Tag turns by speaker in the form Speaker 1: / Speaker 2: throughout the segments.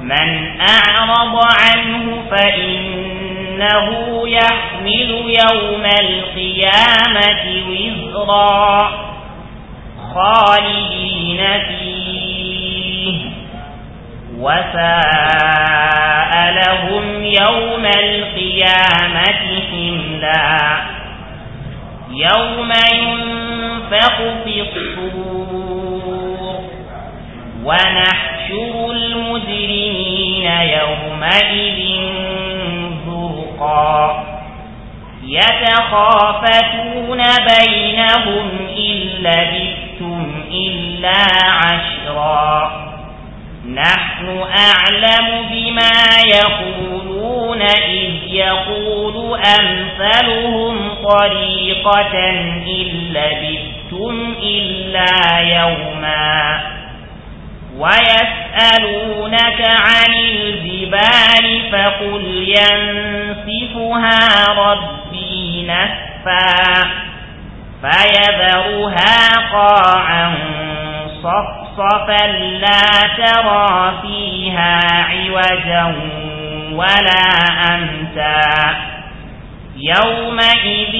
Speaker 1: من أعرض عنه فإنه يحمل يوم القيامة وزرا خالدين فيه وساء لهم يوم القيامة حملا يوم ينفق في الصور ونحشر المجرمين يومئذ زرقا يتخافتون بينهم إن لبثتم إلا عشرا نحن أعلم بما يقولون إذ يقول أمثلهم طريقة إن لبثتم إلا يوما ويسألونك عن الجبال فقل ينسفها ربي نسفا فيذرها قاعا صفصفا لا ترى فيها عوجا ولا أمتا يومئذ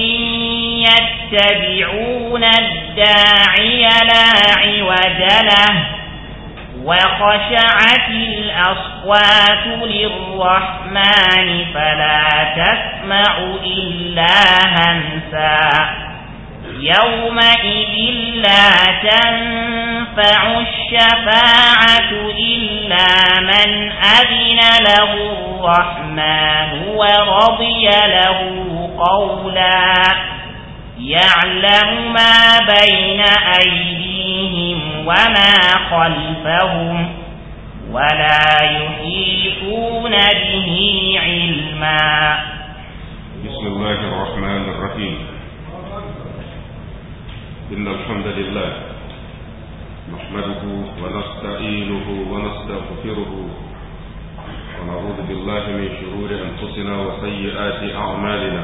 Speaker 1: يتبعون الداعي لا عوج له وخشعت الأصوات للرحمن فلا تسمع إلا همسا يومئذ لا تنفع الشفاعة إلا من أذن له الرحمن ورضي له قولا يعلم ما بين أيديهم وما خلفهم ولا يحيطون به علما
Speaker 2: بسم الله الرحمن الرحيم إن الحمد لله نحمده ونستعينه ونستغفره ونعوذ بالله من شرور أنفسنا وسيئات أعمالنا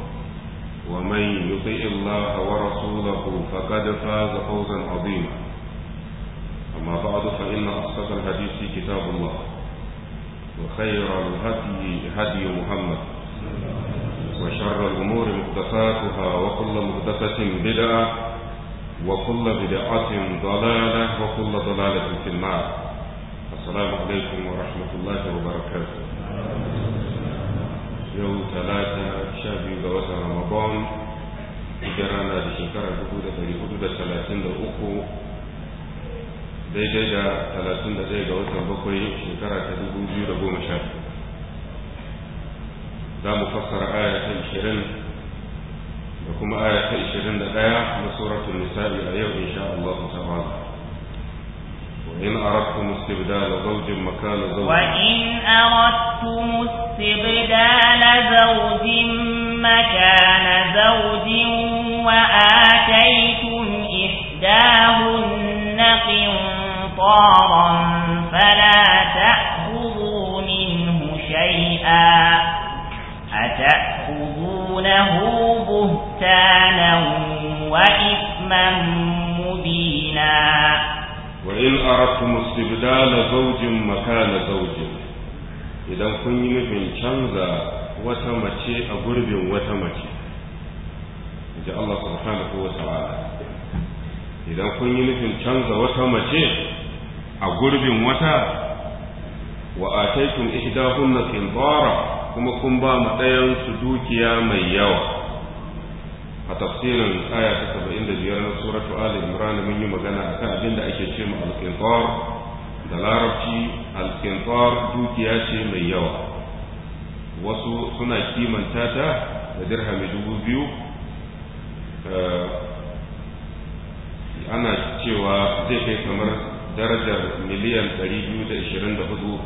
Speaker 2: ومن يطع الله ورسوله فقد فاز فوزا عظيما أما بعد فإن أصدق الحديث كتاب الله وخير الهدي هدي محمد وشر الأمور مقتصاتها وكل مقتصه بدعة وكل بدعة ضلالة وكل ضلالة في النار السلام عليكم ورحمة الله وبركاته يوم ثلاثة sha biyu ga watan ramadan hijira rana da shekara dubu da dari hudu da talatin da uku daidai da talatin da ɗaya ga watan bakwai shekara ta dubu biyu da goma sha za mu fassara aya ta ishirin da kuma aya ta ishirin da ɗaya na suratul nisa'i a yau insha Allah ba'a وإن أردتم استبدال زوج مكان زوج وإن
Speaker 1: أردتم استبدال زوج مكان زوج وآتيتم إحداهن قنطارا فلا تأخذوا منه شيئا أتأخذونه بهتانا وإثما مبينا
Speaker 2: وإن أردتم استبدال زوج مكان زوج idan kun yi nufin canza wata mace a gurbin wata mace ji Allah idan kun yi nufin canza wata mace a gurbin wata wa taikun ihdahunna na kuma kun ba mu ɗayan su dukiya mai yawa a tafsirin aya ta saba'in da biyar na suratu ali imran mun yi magana akan abin da ake ce ma alƙintar da larabci alƙintar dukiya ce mai yawa wasu suna kimanta ta da dirhami dubu biyu eh, ana cewa zai kai kamar darajar miliyan biyu da da hudu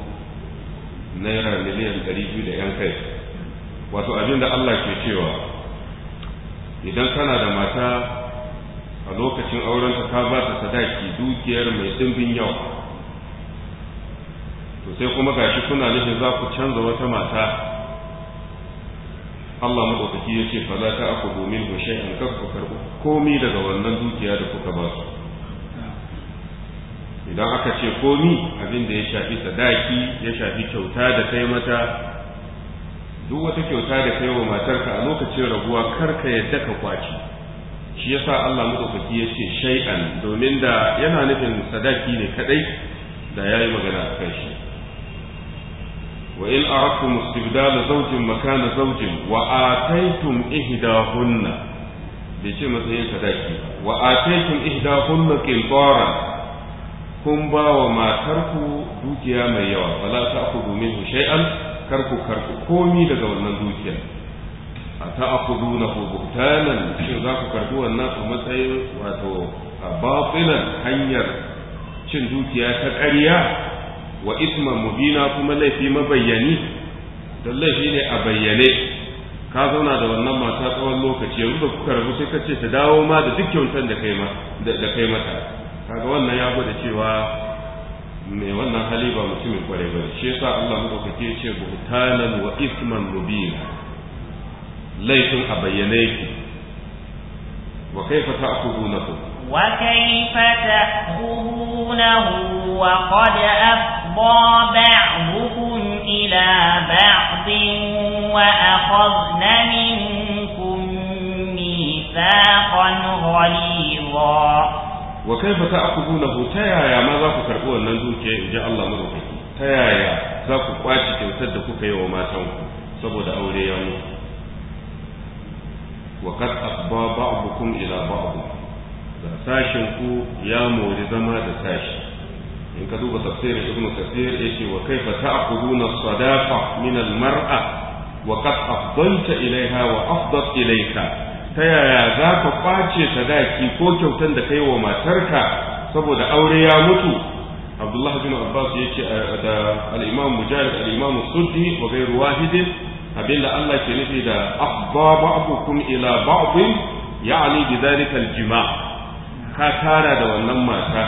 Speaker 2: naira miliyan biyu da 'yan kai wato abin da Allah ke cewa idan kana da mata a lokacin aurenta ka ba ta sadaki dukiyar mai dimbin yau to sai kuma gashi kuna nufin za ku canza wata mata Allah maɗaukaki ya ce za ta aku domin ku shay'an ku karɓi komi daga wannan dukiya da kuka ba su idan aka ce komi abin da ya shafi sadaki ya shafi kyauta da kai mata duk wata kyauta da kai wa matarka a lokacin rabuwa kar ka yadda ka kwaci shi yasa Allah madaukaki ya ce shay'an domin da yana nufin sadaki ne kadai da yayi magana a kan shi wa in aratu istibdala zawjin makana zawjin wa ataytum ihdahunna bai ce matsayin sadaki wa ataytum ihdahunna kun ba wa matarku dukiya mai yawa fala ta'khudhu minhu shay'an karku karku komi daga wannan dukiya a ta ta'khuduna buhtanan shin za ku karbi wannan a matsayin wato bafilan hanyar cin dukiya ta ƙarya wa isma mubina kuma laifi mabayyani don laifi ne a bayyane ka zauna da wannan mata tsawon lokaci yanzu da kuka rabu sai ka ce ta dawo ma da duk kyautar da kai mata kaga wannan ya gwada cewa mai wannan hali ba mutumin kwarai ba shi yasa Allah madaukake ya ce buhtanan wa isman mubin laifin a bayyane yake wa kaifa ta'khudunahu
Speaker 1: wa kaifa ta'khudunahu wa qad afdha ba'dukum ila ba'din wa akhadna minkum mithaqan ghalidha wa
Speaker 2: kaifa ta'khudunahu ta yaya ma za ku karbi wannan dukiya in ji Allah madaukaki ta yaya za ku kwaci kyautar da kuka yi wa matanku saboda aure ya mutu wa qad asba ba'dukum ila ba'd da sashin ku ya mori zama da sashi in ka duba tafsirin ibnu kathir yace wa kaifa ta'khuduna sadaqa min al-mar'a wa qad afdalta ilayha wa afdat ilayka ta yaya za ka kwace sadaki ko kyautan da kai wa matarka saboda aure ya mutu abdullahi bin abbas ya ce da al'imam mujahid al'imam suddi wa gairu Abin abinda allah ke nufi da abba ba'dukum ila ba'din ya'ani bi al-jima ka tara da wannan mata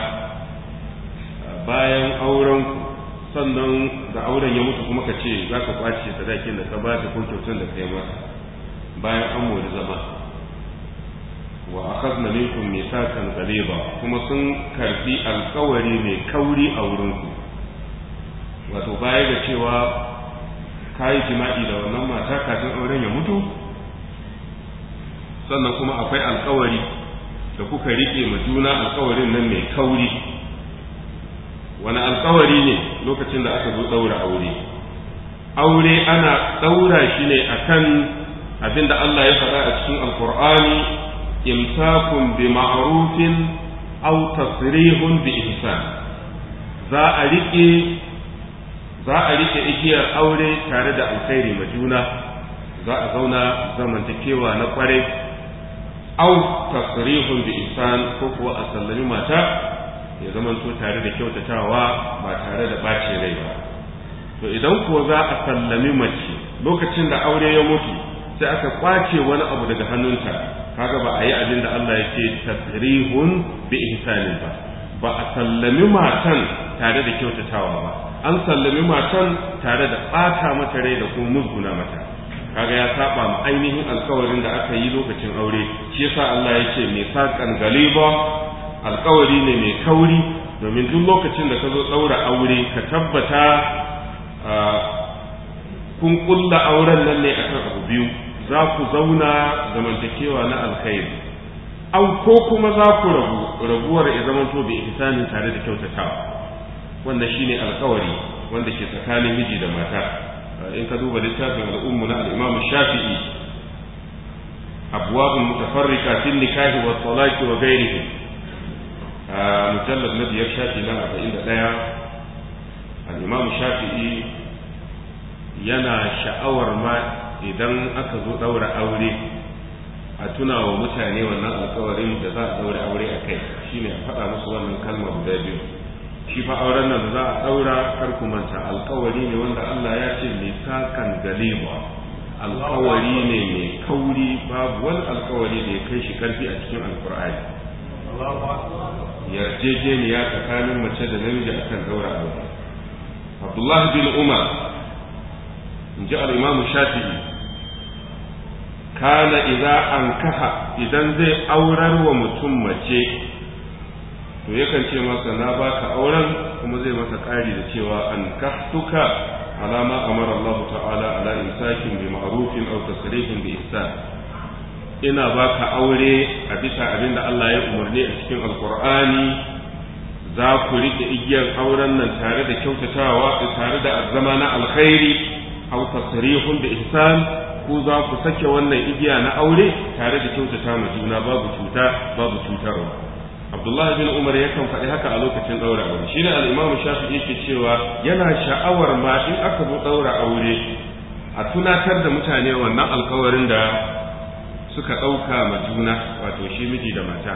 Speaker 2: bayan auren sannan da auren ya mutu kuma ka ce za ka kwace sadakin da ka ba ta ko kyautan da kai ba. bayan an mori zama wa akhadna minkum mithaqan ghaliza kuma sun karfi alkawari mai kauri a wurinku wato baya ga cewa kayi jima'i da wannan mata kafin auren ya mutu sannan kuma akwai alkawari da kuka rike ma juna alkawarin nan mai kauri wani alkawari ne lokacin da aka zo daura aure aure ana daura shi ne akan abinda Allah ya faɗa a cikin alkur'ani إمساك بمعروف أو تصريح tasrihun ذا za a rike أولي الخير igiyar aure tare da تكيوى ma juna za a zauna zamantakewa na kwarai aw tasrihun a mata ya zamanto tare da kyautatawa ba tare da ɓace rai ba to idan kuwa za a sallami mace lokacin da aure ya mutu sai aka kwace wani abu daga hannunta kaga ba a yi abin da Allah ya ce tasrihun bi ihsanin ba ba a sallami matan tare da kyautatawa ba an sallami matan tare da ɓata mata rai da kuma musguna mata kaga ya saba ma ainihin alkawarin da aka yi lokacin aure shi yasa Allah ya ce mai saƙan galiba alkawari ne mai kauri domin duk lokacin da ka zo ɗaura aure ka tabbata ah, kun ƙulla auren nan ne akan abu biyu za ku zauna zamantakewa na alkhairi au ko kuma za ku rabu rabuwar ya to bi tare da kyautatawa wannan shine alkawari wanda ke tsakanin miji da mata in ka duba littafin al'ummu na al-Imam Shafi'i abwabun mutafarrika fil nikahi wa talaqi wa ghairihi mujallad na biyar shafi na al-Imam Shafi'i yana sha'awar ma idan aka zo ɗaura aure a tuna wa mutane wannan alkawarin da za a ɗaura aure a kai shi ne a faɗa musu wannan kalma guda biyu shi fa auren nan da za a ɗaura kar ku manta alkawari ne wanda Allah ya ce misakan galiba alkawari ne mai kauri babu wani alkawari da ya kai shi karfi a cikin alkur'ani
Speaker 3: yarjejeniya
Speaker 2: tsakanin mace da namiji akan ɗaura aure Abdullah bin Umar in ji al-Imam Shafi'i kana idza ankaha idan zai aurar wa mutum mace to yakan ce masa na baka auren kuma zai masa ƙari da cewa an kaftuka alama amara Allah ta'ala ala insakin bi ma'rufin aw tasrihin bi ihsan ina baka aure a bisa abin da Allah ya umarni a cikin alqur'ani za ku rike igiyar auren nan tare da kyautatawa tare da azama na alkhairi aw tasrihun bi ihsan ku za ku sake wannan igiya na aure tare da kyautata ma juna babu cuta babu cutarwa abdullahi bin umar yakan faɗi haka a lokacin ɗaura aure shi ne al'imamu shafi yake cewa yana sha'awar ma in aka zo ɗaura aure a tunatar da mutane wannan alkawarin da suka ɗauka ma juna wato shi miji da mata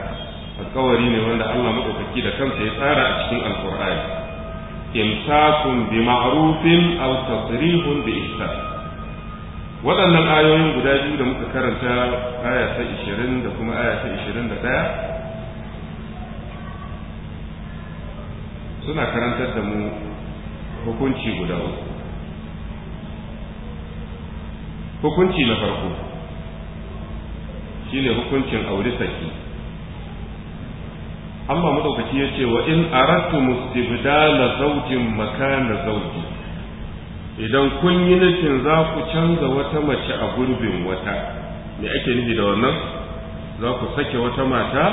Speaker 2: alkawari ne wanda allah maɗaukaki da kansa ya tsara a cikin alkur'ani imsakun bi ma'rufin aw tasrihun bi ihsan waɗannan ayoyin guda biyu da muka karanta aya ta 20 da kuma aya ta 21 suna karantar da mu hukunci guda uku hukunci na farko shine hukuncin aure saki Allah madaukaki ya ce wa in aratu mustibdala zawjin makana zawji idan kun yi nufin za ku canza wata mace a gurbin wata me ake nufi da wannan za ku sake wata mata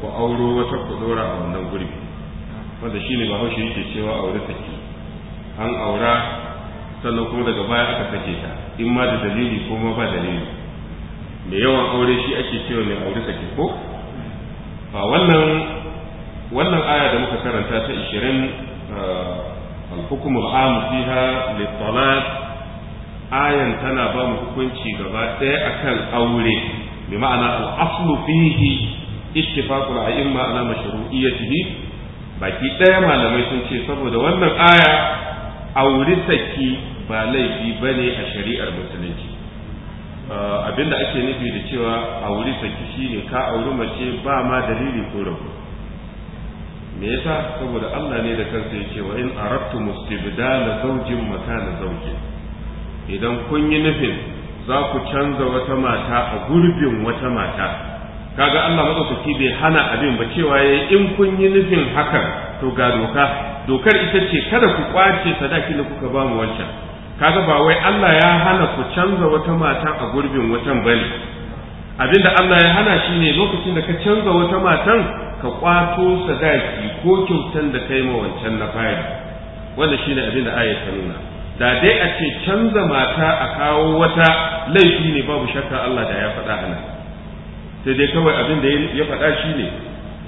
Speaker 2: ku auro wata ku dora a wannan gurbi wanda shi ne bahaushe yake cewa aure sake an aura sannan kuma daga baya aka sake ta in ma da dalili ko ma ba dalili da yawan aure shi ake cewa mai aure sake ko Ba wannan wannan aya da muka karanta ta 20 الحكم العام فيها للطلاق ayan tana bamu hukunci gaba ɗaya akan aure bi ma'ana al'aslu fihi ittifaqul a'imma ala mashru'iyyatihi baki ɗaya malamai sun ce saboda wannan aya aure saki ba laifi bane a shari'ar musulunci abinda ake nufi da cewa aure saki shine ka auri mace ba ma dalili ko rabo. me yasa saboda Allah ne da kansa yake wa in aratu mustibdala zawjin makana zawjin idan kun yi nufin za ku canza wata mata a gurbin wata mata kaga Allah madaukaki bai hana abin ba cewa yayi in kun yi nufin hakan to ga doka dokar ita ce kada ku kwace sadaki da kuka ba mu wancan kaga ba wai Allah ya hana ku canza wata mata a gurbin watan bane abinda Allah ya hana shi shine lokacin da ka canza wata matan ka kwato sadaki ko kyautan da kai ma wancan na fari wanda ne abin da ayat ta nuna da dai a ce canza mata a kawo wata laifi ne babu shakka Allah da ya faɗa ana sai dai kawai abin da ya faɗa shi ne.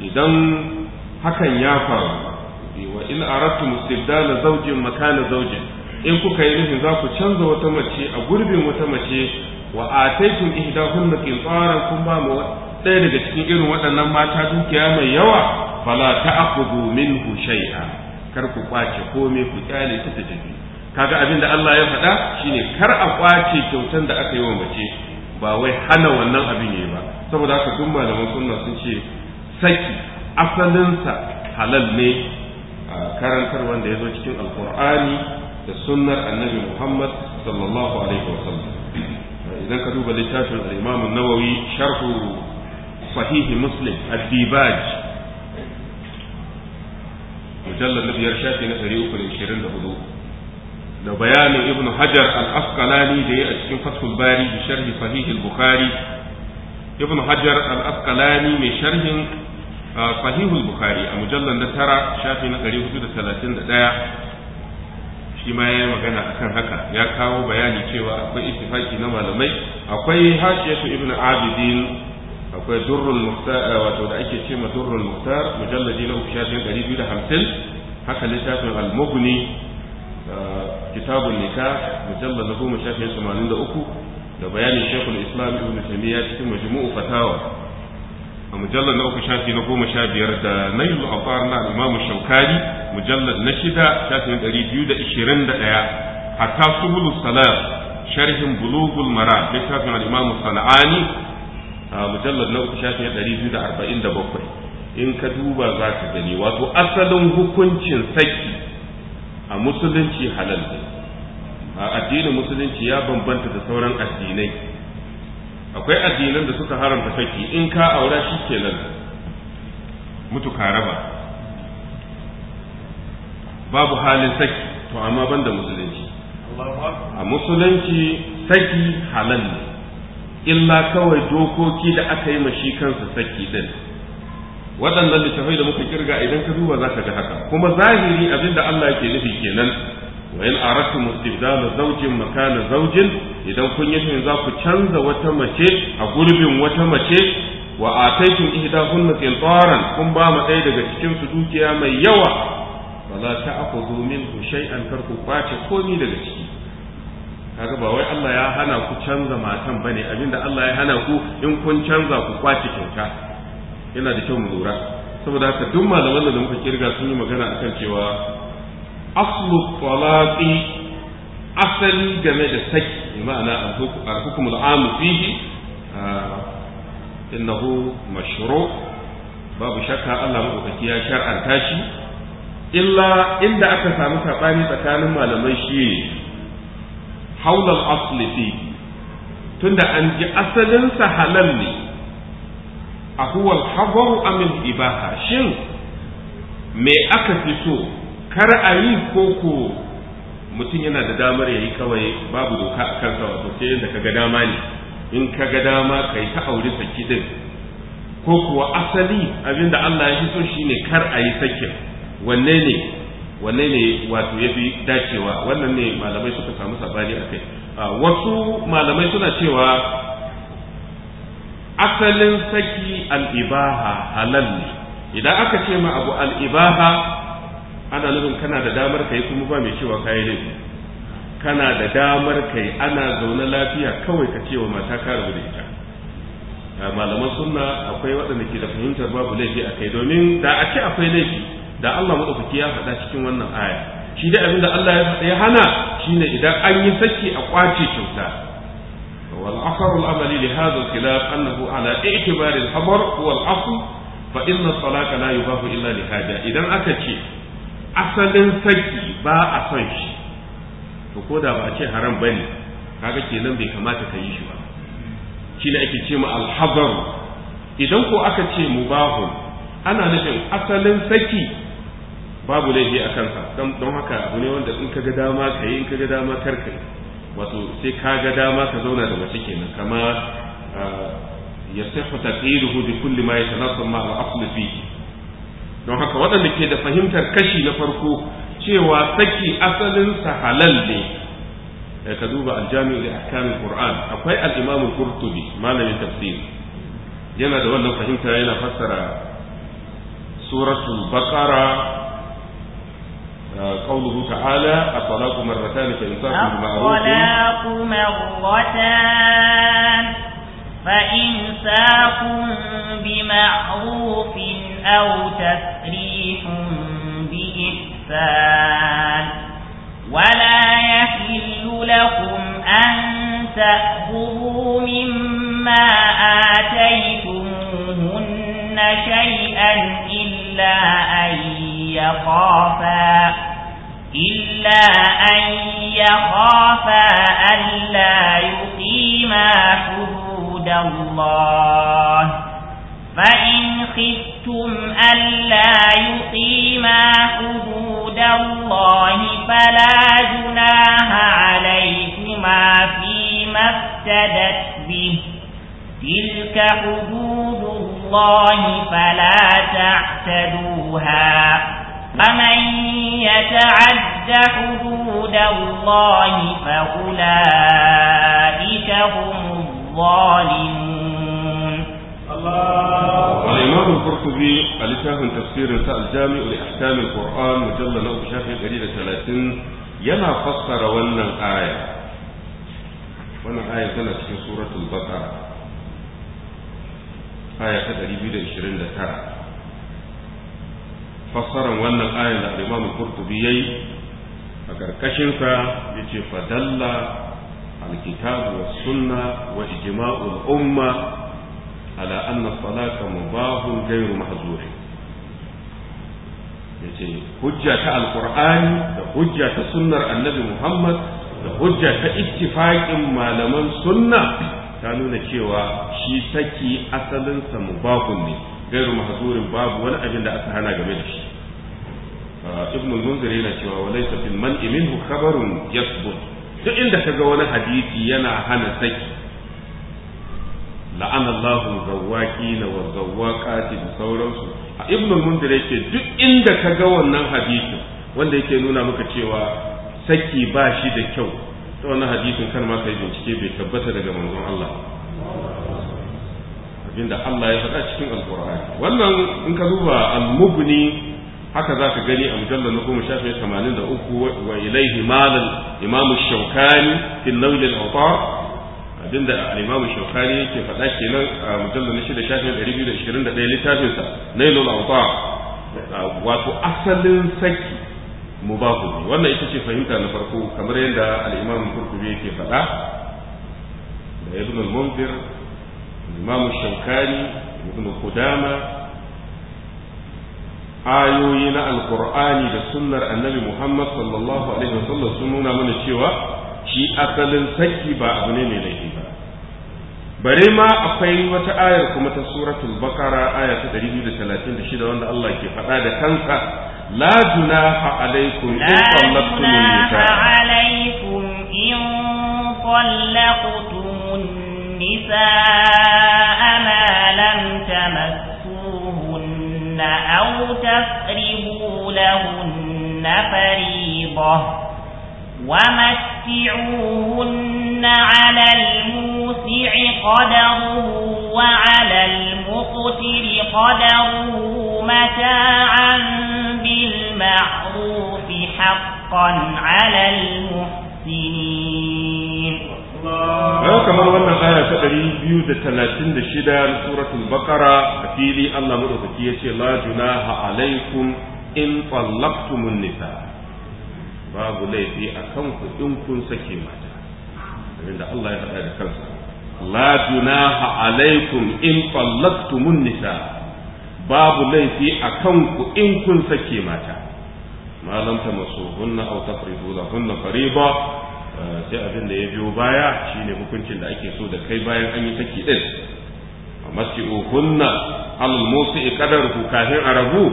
Speaker 2: idan hakan ya faru wa in aratu mustibdala zawjin makana zawjin in kuka yi nufin za ku canza wata mace a gurbin wata mace wa ataitum ihdahunna qintaran kun ba mu ɗaya daga cikin irin waɗannan mata dukiya mai yawa fala ta'khudhu minhu shay'a kar ku kwace komai ku kyale ta ta tafi kaga abin da Allah ya faɗa shine kar a kwace kyautan da aka yi wa mace ba wai hana wannan abin yayi ba saboda haka duk malaman sunna sun ce saki asalin sa halal ne karantar wanda ya zo cikin alkur'ani da sunnar annabi muhammad sallallahu alaihi wasallam idan ka duba littafin al-imam an-nawawi sharhu صحيح مسلم الديباج مجلد نبيار شافي نسري أكل إنشيرين لهدو da bayanin حجر hajar al-asqalani da ya a cikin البخاري bari da الأفقلاني من bukhari ibn hajar al-asqalani mai sharhin sahih bukhari a mujallar tara shafi na shi ma ya magana kan haka ya kawo bayani cewa akwai ittifaki na malamai akwai hashiyatu ibn abidin akwai durrul muhtar eh, wato da ake ce ma durrul muhtar mujalladi na shafin hamsin haka littafin al eh, kitabun nika mujallar na goma shafin 83 da uku da bayanin shekul islam ibn taymiya cikin majmu'u fatawa a mujallar na uku shafi na goma sha biyar da a afar na imamu shaukani mujallar na shida shafin ɗari biyu da da ishirin 221 hatta subulus salar sharhin bulugul mara littafin al-imamu sana'ani a mujallar na uku shafin ɗari biyu da arba'in da bakwai in ka duba za ka gani wato asalin hukuncin saki a musulunci halal ne a addinin musulunci ya bambanta da sauran addinai akwai addinan da suka haramta saki in ka aura shi kenan mutu ka raba babu halin saki to amma banda musulunci a musulunci saki halal ne illa kawai dokoki da aka yi mashi kansa saki din waɗannan littafai da muka kirga idan ka duba za ka ga haka kuma zahiri abinda Allah yake nufi kenan wa in aratu istibdala zawjin makana zawjin idan kun yi za ku canza wata mace a gurbin wata mace wa ataitum min qintaran kun ba ma ɗaya daga cikin su dukiya mai yawa wala ta'khudhu minhu shay'an karku kwace komi daga ciki kaga ba wai Allah ya hana ku canza matan bane abinda Allah ya hana ku in kun canza ku kwace kyauta yana da kyau mu lura saboda haka duk malaman da muka kirga sun yi magana akan cewa aslu talaqi asali game da saki ma'ana al-hukm al-amu fihi innahu mashru babu shakka Allah madaukaki ya shar'anta shi illa inda aka samu sabani tsakanin malamai shi ne haulal asli fi tunda an ji asalinsa halal ne a huwal habaru amin ibaha shin me aka fi so kar a yi koko mutum yana da damar yayi kawai babu doka a kansa wato sai yadda ka dama ne in ka ga dama ka ta auri saki din ko kuwa asali abinda Allah ya fi so shine kar a yi sakin wanne ne wanne ne wato ya fi dacewa wannan ne malamai suka samu sabani a kai ah, wasu malamai suna cewa asalin saki al'ibaha halal ne idan aka ce ma abu al'ibaha ana nufin kana da damar kai kuma ba mai cewa kayan ne kana da damar kai ana zaune lafiya kawai ka cewa mata ka ita ah, malaman sunna akwai waɗanda ke da fahimtar babu laifi a kai domin da a ce akwai laifi da Allah madaukaki ya faɗa cikin wannan aya shi dai abin da Allah ya faɗa ya hana shine idan an yi saki a kwace kyauta wal akhar al amali li hadha al khilaf annahu ala i'tibar al khabar wal asl fa inna salaka la yubahu illa li idan aka ce asalin saki ba a son shi to ko da ba a ce haram bane kaga kenan bai kamata ka yi shi ba shine ake ce ma al idan ko aka ce mubahu ana nufin asalin saki babu laifi a kansa don haka abu ne wanda in ka ga dama ka yi in ka ga dama kar ka wato sai ka ga dama ka zauna da mace kenan kama ya sifu taqiduhu bi kulli ma yatanasab ma al fi don haka waɗanda ke da fahimtar kashi na farko cewa saki asalin sa halal ne eh, ka duba al-jami'u li ahkam al akwai al-imam al-qurtubi malamin tafsir yana da wannan fahimta yana fassara suratul baqara قوله تعالى الطلاق مرتان فإنصاف
Speaker 1: بالمعروف الطلاق مرتان فإنصاف بمعروف أو تسريح بإحسان ولا يحل لكم أن تأخذوا مما آتيتموهن شيئا إلا أن يخافا إلا أن يخافا ألا يقيما حدود الله فإن خفتم ألا يقيما حدود الله فلا جناها عليكما فيما افتدت به تلك حدود الله فلا تعتدوها فمن يتعد حدود الله فأولئك هم الظالمون الإمام
Speaker 2: القرطبي الكتاب تفسير الجامع لأحكام القرآن مجلد نوب شافي قليل ثلاثين ينا فسر ون الآية ون آية كانت في سورة البقرة آية 229 fassaran wannan ayar da al-Imam Qurtubi yayi a ƙarƙashinsa sa yace fadalla al wa sunna wa ijma'ul umma ala anna salata mubahun ghayru Ya yace hujja ta Alƙur'ani, da hujja ta sunnar Annabi Muhammad da hujja ta ittifaqin malaman sunna ta nuna cewa shi saki asalinsa mubahun ne gairu محظور babu wani abin da aka hana game da shi ibn munzir yana cewa wa laysa fil minhu khabarun duk inda kaga wani hadisi yana hana saki la'ana Allahu na wa zawwaqati da sauransu a ibn munzir yake duk inda ka ga wannan hadisi wanda yake nuna maka cewa saki ba shi da kyau to wannan hadisin kan ma kai bincike bai tabbata daga manzon Allah abinda Allah ya faɗa cikin alkur'ani wannan in ka duba al-mubni haka zaka gani a mujallar na goma sha yake faɗa kenan a wato asalin saki mubahu wannan ita ce fahimta na farko kamar yadda al'imamu kurkubi yake faɗa da ibn al-munzir imamu shankari ibn kudama ayoyi na alkur'ani da sunnar annabi muhammad sallallahu alaihi wasallam sun nuna mana cewa shi asalin saki ba abu ne mai laifi ba bare ma akwai wata ayar kuma ta suratul bakara aya ta 236 wanda Allah ke faɗa da kansa la junaha alaikum in nisa
Speaker 1: alaikum in tallaqtum النساء ما لم تمسوهن أو تفرضوا لهن فريضة ومتعوهن على الموسع قدره وعلى المقتر قدره متاعا بالمعروف حقا على المحسنين
Speaker 3: Allah kamar wannan aya ta 236
Speaker 2: na suratul baqara a fili Allah madaukaki ce la junaha alaikum in tallaqtumun nisa babu laifi a kanku in kun sake mata da Allah ya faɗa da kansa la junaha alaikum in tallaqtumun nisa babu laifi a kanku in kun sake mata ma lam tamassuhunna aw tafridu lahunna fariba sai abin da ya biyo baya shine hukuncin da ake so da kai bayan an yi saki din masji'u alul alal musi'i ku kafin rabu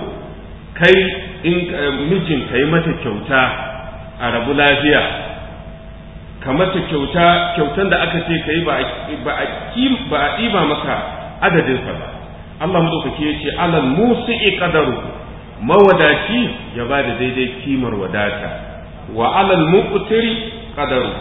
Speaker 2: kai in eh, mijin kai mata kyauta a rabu lafiya ka mata kyauta kyautan da aka ce kai ba ba a ɗiba maka adadin sa ba Allah madaukaki ya ce alal musi'i ku, mawadaci ya ba da daidai kimar wadata wa alal muqtiri qadaru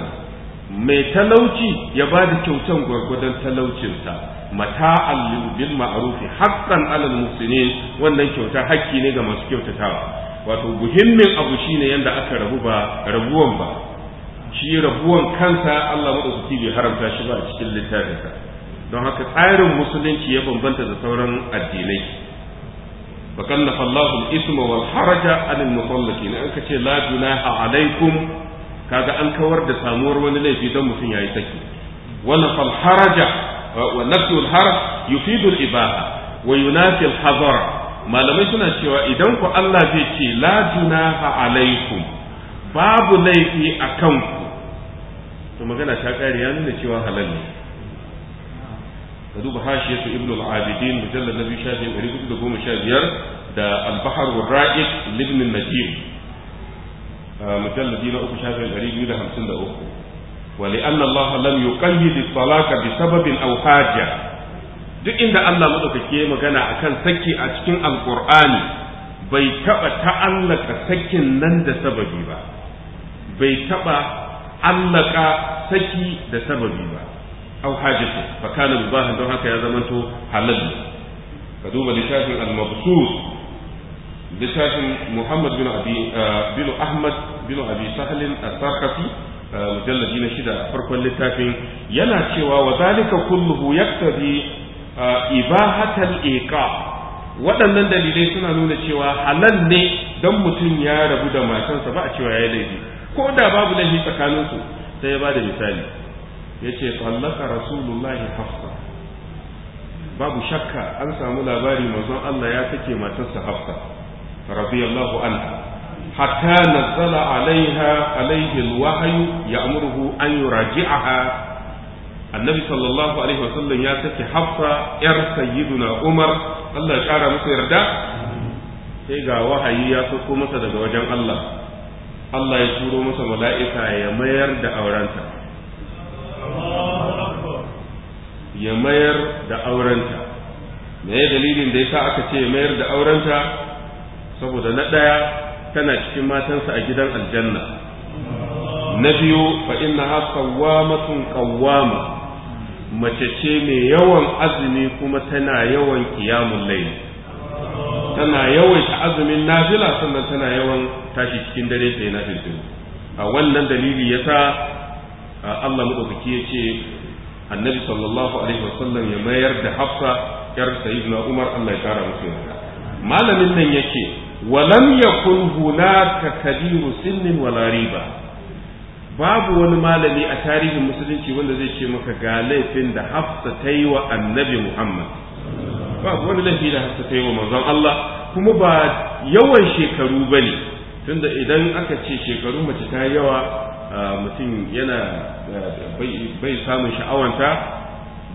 Speaker 2: mai talauci ya ba da kyautan gwargwadon talaucinsa mata'al bil ma'ruf haqqan 'alal muslimin wannan kyauta hakki ne ga masu kyautatawa wato muhimmin abu shine yanda aka rabu ba rabuwan ba shi rabuwan kansa Allah madaukaki bai haramta shi ba a cikin littafinsa don haka tsarin musulunci ya bambanta da sauran addinai فكلف الله haraja والحرج haraja an ka ce la جناح alaykum kaga an kawar da samuwar wani laifi don mutum yi saki wannan fal haraja wa har haraj yufidu ibaha wa yunafi al malamai suna cewa idan ku Allah zai ce la junaha alaikum babu laifi a ku to magana ta kare ya nuna cewa halal ne ka duba hashiyatu ibnu al-abidin mujallad nabi shafi 415 da al-bahr wa ra'id ibn najib mujalladi na uku shafin ɗari biyu da hamsin da uku يقيد anna بسبب lam yuqayyid duk inda Allah madaukake magana akan sakki a cikin alqur'ani bai taba ta'allaka sakin nan da sababi ba bai taba allaka saki da sababi ba aw hajatu fa kana mubahan don haka ya zamanto halal ka duba littafin al-mabsut littafin muhammad bin abi eh, bin ahmad bin abi sahlin as-sarqafi eh, mujalladi na shida farkon littafin yana cewa wa zalika kulluhu yaktabi eh, ibahatal iqa waɗannan dalilai suna nuna cewa halal ne don mutum ya rabu da matansa ba a cewa ya laifi ko da babu laifi tsakaninsu sai ya ba da misali Yace ce tsallaka rasulullahi hafsa babu shakka an samu labari manzon Allah ya sake matarsa hafsa radiyallahu anha hatta nazzala alaiha alaihi alwahyu ya'muruhu an yuraji'aha annabi sallallahu alaihi wasallam ya saki hafsa yar sayyiduna umar Allah ya kara masa yarda sai ga wahayi ya sauko masa daga wajen Allah Allah ya turo masa mala'ika ya mayar da aurenta ya mayar da aurenta me dalilin da yasa aka ce mayar da aurenta saboda na ɗaya tana cikin matansa a gidan aljanna na biyu fa inna ha qawwamatun mace ce mai yawan azumi kuma tana yawan qiyamul layl tana yawan azumin nafila sannan tana yawan tashi cikin dare ta yi nafil a wannan dalili yasa Allah madaukaki ya ce annabi sallallahu alaihi wasallam ya mayar da hafsa yar sayyidina umar Allah ya kara musu yarda malamin nan yake ولم يكن هناك kabiru sinnin ولا babu wani malami a tarihin musulunci wanda zai ce maka ga laifin da hafsa ta yi wa annabi muhammad babu wani laifi da hafsa ta yi wa manzon allah kuma ba yawan shekaru ba ne tunda idan aka ce shekaru mace ta yawa mutum yana bai samun sha'awanta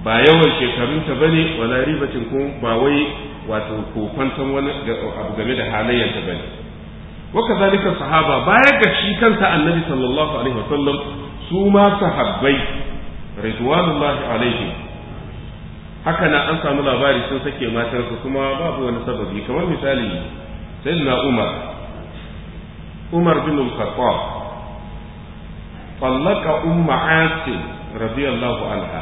Speaker 2: ba yawan shekarunta ba ne wala ribatin kuma ba wai wato kofantan wani abu game da halayyarta ba ne waka zalika sahaba baya ga shi kansa annabi sallallahu alaihi wasallam su ma sahabbai ridwanullahi alaihim haka na an samu labari sun sake matarsa kuma babu wani sababi kamar misali sayyidina umar umar bin al-khattab tallaka umma radiyallahu anha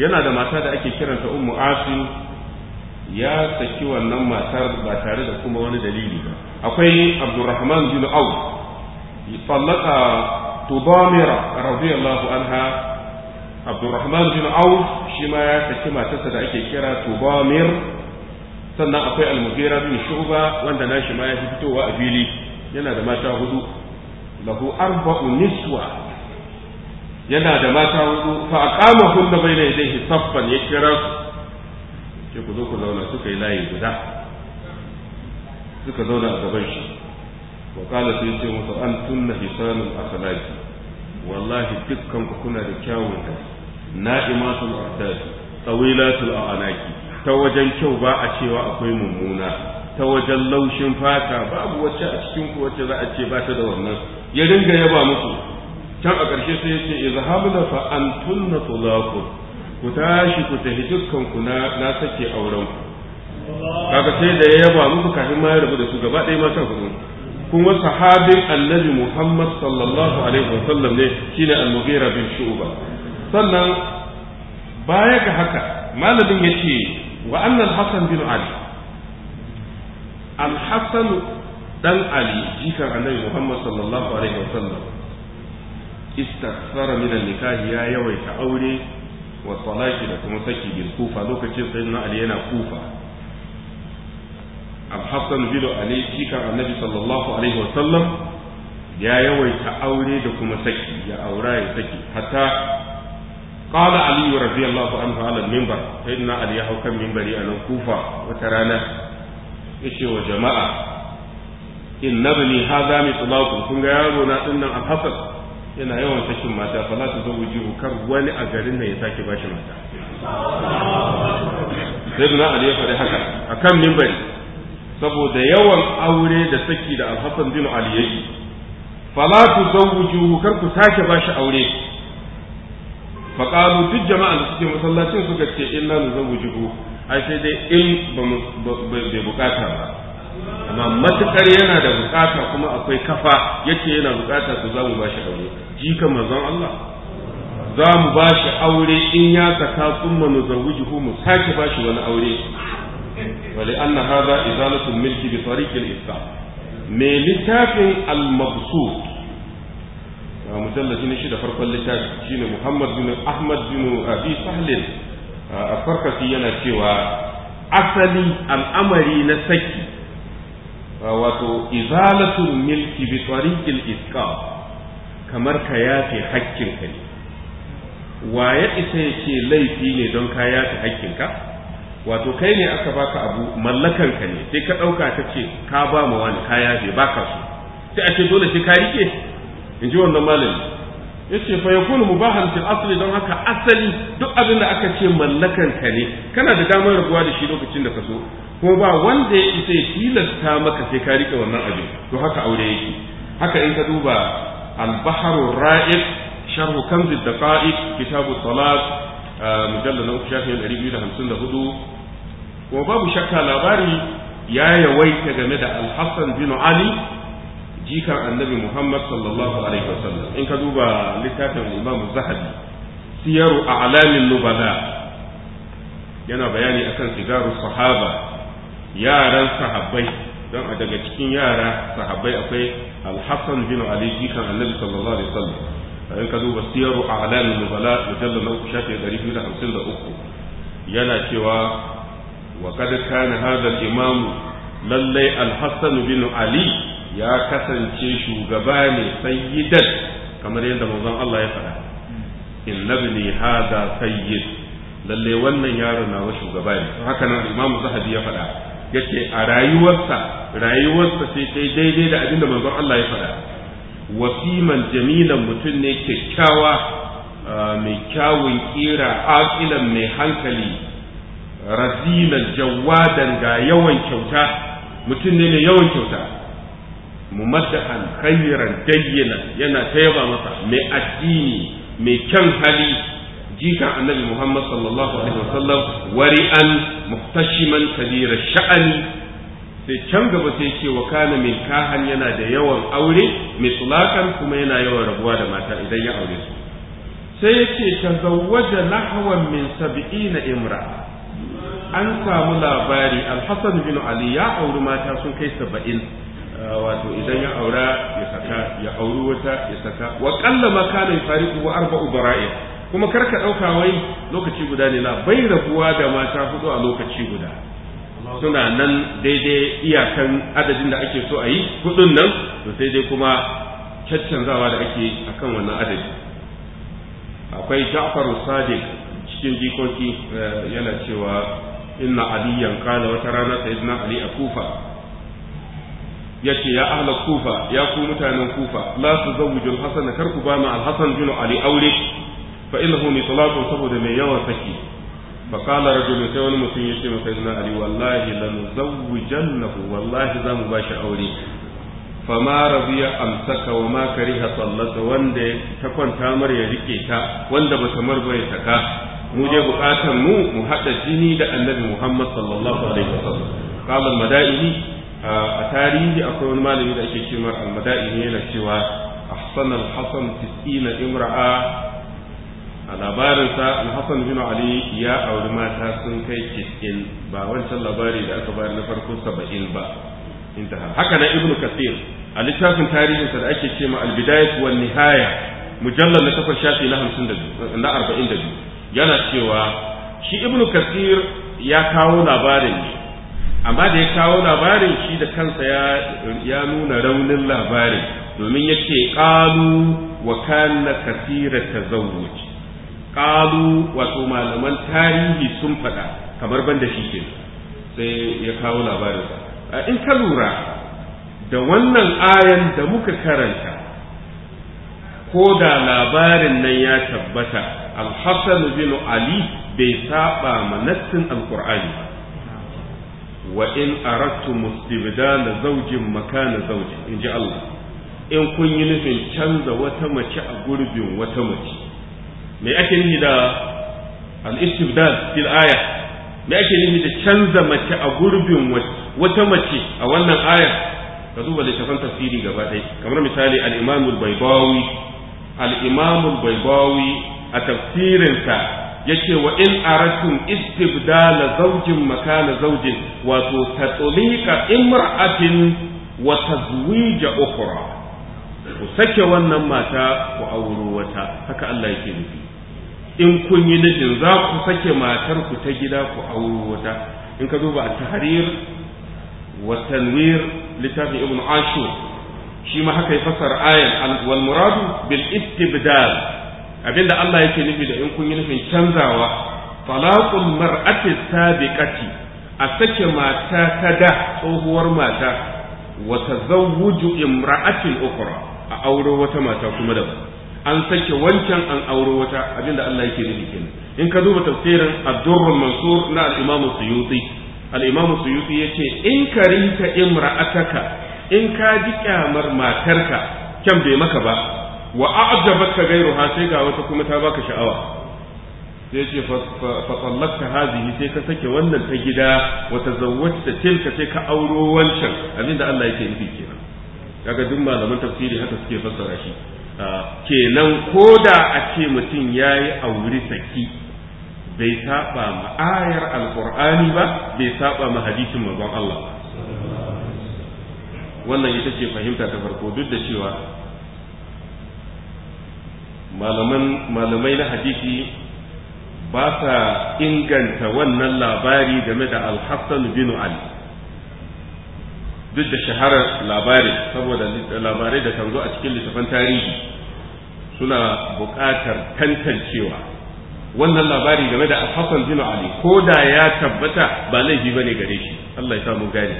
Speaker 2: yana da mata da ake kiranta ummu asim ya saki wannan matar ba tare da kuma wani dalili ba akwai abdurrahman bin aw fallaka tubamira radiyallahu anha abdurrahman bin aw shi ma ya saki matarsa da ake kira tubamir sannan akwai almugira bin shuba wanda nashi ma ya fi fitowa a fili yana da mata hudu lahu arba'u niswa yana da mata hudu fa aqama hunna bayna yadayhi saffan ya kira ce ku zo ku zauna suka yi layi guda suka zauna a gaban shi wa kala sai ce musu an tunna hisanul akhlaqi wallahi dukkan ku kuna da kyawun kai na'imatul ardad tawilatul a'anaki ta wajen kyau ba a cewa akwai mummuna ta wajen laushin fata babu wacce a cikin ku wacce za a ce ba ta da wannan ya dinga yaba musu can a ƙarshe sai ya ce izhabna fa antunna tulaqu ku tashi ku tafi dukkan ku na na sake auren ku.
Speaker 3: kaga sai da ya
Speaker 2: yaba muku kafin ma ya da su gaba ɗaya mata hudu kuma sahabin annabi Muhammad sallallahu alaihi wasallam ne shine al-Mughira bin Shu'ba sannan baya ga haka malamin yace wa annal Hasan bin Ali al-Hasan dan Ali jikan annabi Muhammad sallallahu alaihi wasallam istaksara min al-nikah ya yawaita aure wa talaqi da kuma saki bin kufa lokacin sayyidina ali yana kufa AlHassan, bilo bin ali kika annabi sallallahu alaihi wa sallam ya yawaita aure da kuma saki ya aura ya saki hatta قال علي رضي الله عنه على المنبر سيدنا علي يحو كم منبري أنا كوفة وترانا إشي وجماعة إن ابني هذا مثلاكم كن يارو ناتنا الحسن yana yawan sakin mata fa za ta zo wuji kar wani a garin nan ya sake bashi mata sai duna ali ya faɗi haka a kan mimbari saboda yawan aure da saki da alhassan bin ali yayi fa ta zo kar ku sake bashi aure fa qalu duk jama'a da suke masallacin suka ce inna nuzawwijuhu ai sai dai in ba bai bukata ba amma matukar yana da bukata kuma akwai kafa yace yana bukata to zamu bashi aure jika manzon Allah zamu bashi aure in ya saka summa nuzawwijuhu mu sake ba bashi wani aure wali anna hadha izalatu milki bi tariq al me littafin al mabsut a mujallaji na shida farkon littafi shine Muhammad bin Ahmad bin Abi Sahlin a farkasi yana cewa asali al'amari na saki wato izalatul milki bi tariqil iska kamar ka yafe hakkin ka ne wa ya isa ya ce laifi ne don ka yafe hakkin ka wato kai ne aka baka abu mallakan ka ne sai ka dauka ta ce ka ba mu wani ka yafe baka su sai a ce dole sai ka rike in ji wannan malami yace fa yakunu mubahan fil asli don haka asali duk abin da aka ce mallakan ka ne kana da damar rabuwa da shi lokacin da ka so ko ba wanda ya isa ya tilasta maka sai ka rike wannan abin to haka aure yake haka in ka duba al-bahrur ra'id sharh kanz ad-daqa'iq kitab at-talaq ah, mujallad na shafin hudu, ko babu shakka labari ya yawaita game da Alhassan hasan bin ali jikan annabi muhammad sallallahu alaihi wasallam in ka duba littafin imam zahabi siyaru a'lamin nubala yana bayani akan sigaru sahaba yaran sahabbai don a daga cikin yara sahabbai akwai alhassan bin ali jikan annabi sallallahu alaihi wasallam in ka duba siyaru a'lan nubala mujalla na uku shafi ɗari biyu da hamsin da uku yana cewa wa kad kana hadha lallai alhassan bin ali ya kasance shugaba ne sayyidan kamar yadda manzon Allah ya faɗa inna ibni hadha sayyid lallai wannan yaro na shugaba ne haka nan imamu zahabi ya faɗa yace a rayuwarsa rayuwarsa sai sai daidai da abinda manzon Allah ya faɗa wasiman jamilan mutum ne kyakkyawa mai kyawun kira aqilan mai hankali razilan jawadan ga yawan kyauta mutum ne mai yawan kyauta mumaddahan khayran dayyana yana ta yaba masa mai addini mai kyan hali jikan annabi Muhammad sallallahu alaihi wasallam wari'an muhtashiman kadira sha'ani sai can gaba sai ce wa kana mai kahan yana da yawan aure mai sulakan kuma yana yawan rabuwa da mata idan ya aure su sai ya ce na nahwan min na imra
Speaker 3: an samu labari
Speaker 2: alhassan bin ali ya auri mata sun kai saba'in wato idan ya aura ya saka ya auri wata ya saka wa kalla ma kana wa arba'u bara'in kuma kar ka ɗauka wai lokaci guda ne la bai rabuwa da mata hudu a lokaci guda suna nan daidai iyakan adadin da ake so a yi hudun nan to sai dai kuma caccanzawa da ake akan wannan adadi akwai ja'far sadiq cikin jikoki eh, yana cewa inna aliyan da wata rana sayyidina ali a kufa yace ya ahla kufa ya ku mutanen kufa la zawujul hasan kar ku ba ma al hasan bin ali aure fa innahu mislatu saboda mai yawan saki fa qala rajulun sai wani mutum yace masa inna ali wallahi lanuzawwijannahu wallahi za mu bashi aure fa ma rabiya amsaka wa ma kariha sallata wanda ta kwanta mar ya rike ta wanda ba samar ba ya saka mu je bukatan mu mu hada jini da annabi Muhammad sallallahu alaihi wasallam qala al-madaini a tarihi akwai wani malami da ake cewa al-madaini yana cewa ahsana al-hasan 90 imra'a a labarinsa alhassan bin ali ya auri mata sun kai kitin ba wancan labari da aka bayar na farko saba'in ba intaha haka na ibnu kasir a littafin tarihinsa da ake ce ma albidayat wan nihaya mujallal na takwas shafi na hamsin da na arba'in da biyu yana cewa shi ibnu kasir ya kawo labarin ne amma da ya kawo labarin shi da kansa ya nuna raunin labarin domin ya ce ƙalu wa kana kasira ta zauruci kalu wato malaman tarihi sun faɗa kamar banda shi ke sai ya kawo labarin A in ka lura da wannan ayan da muka karanta ko da labarin nan ya tabbata al-hasan bin ali bai saba manassin alkur'ani qurani wa in aratu mustibdal zawjin makana zawji in ji Allah in kun yi nufin canza wata mace a gurbin wata mace me ake nufi da al-istibdal fil aya me ake nufi da canza mace a gurbin wata mace a wannan aya ka zuba shafan tafsiri gaba ɗai kamar misali al’imamul baibawi a tafsirinsa ya ce wa in a tafsirinsa yace wa in na zaujin wato makana zawjin wato tatliqa imra'atin wa tazwija ukhra ku sake wannan mata ku auro wata haka Allah yake nufi in kun yi nijin za ku sake matar ku ta gida ku auro wata in ka duba tahrir wa tanwir littafin ibn ashur shi ma haka ya ayat al wal muradu bil istibdal abinda Allah yake nufi da in kun yi nufin canzawa talaqul mar'ati sabiqati a sake mata ta da tsohuwar mata wa tazawwuju imra'atin ukhra a aure wata mata kuma daban an sake wancan an auro wata abinda Allah yake nufi kenan in ka duba tafsirin ad-durr mansur na al-imam suyuti al-imam suyuti yace in karinta imra'ataka in ka ji kyamar matarka kyan bai maka ba wa a'jabatka ghayruha sai ga wata kuma ta baka sha'awa sai ce fa tallaqta hadhihi sai ka sake wannan ta gida wa tazawwajta tilka sai ka auro wancan abinda Allah yake nufi kenan kaga duk malaman tafsiri haka suke fassara shi Ah, kenan ko da a ce mutum ya yi a wuri saki bai saba ma ayar alkur'ani ba bai saba ma hadisin ban Allah ba wannan ita ce fahimta ta farko duk da cewa malamai na hadisi ba sa inganta wannan labari game da alhassan bin ali duk da shaharar labari saboda labarai da kan zo a cikin littafan tarihi suna buƙatar tantancewa wannan labari game da alhassan bin Ali ko da ya tabbata ba laifi ba ne gare shi Allah ya samu gane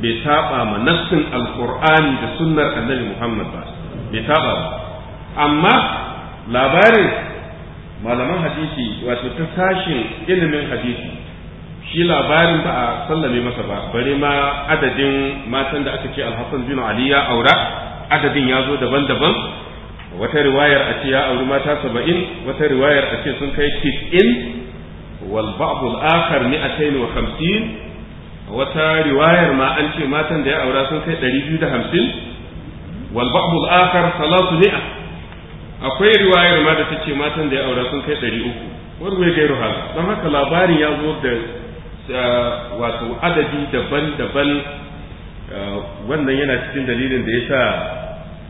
Speaker 2: bai saba ma nassin alkur'ani da sunnar annabi Muhammad ba bai saba ba amma labarin malaman hadisi wato ta sashin ilimin hadisi shi labarin ba a sallame masa ba bare ma adadin matan da aka ce alhassan bin ali ya aura adadin ya zo daban-daban wata riwayar a ce ya auri mata saba'in wata riwayar a ce sun kai tis'in wal ba'dul akhar mi'atayn wa khamsin wata riwayar ma an ce matan da ya aura sun kai ɗari biyu da hamsin wal ba'dul akhar salatu mi'a akwai riwayar ma da ta ce matan da ya aura sun kai ɗari uku wani mai gairu haka don haka labarin ya zo da wato adadi daban-daban wannan yana cikin dalilin da ya sa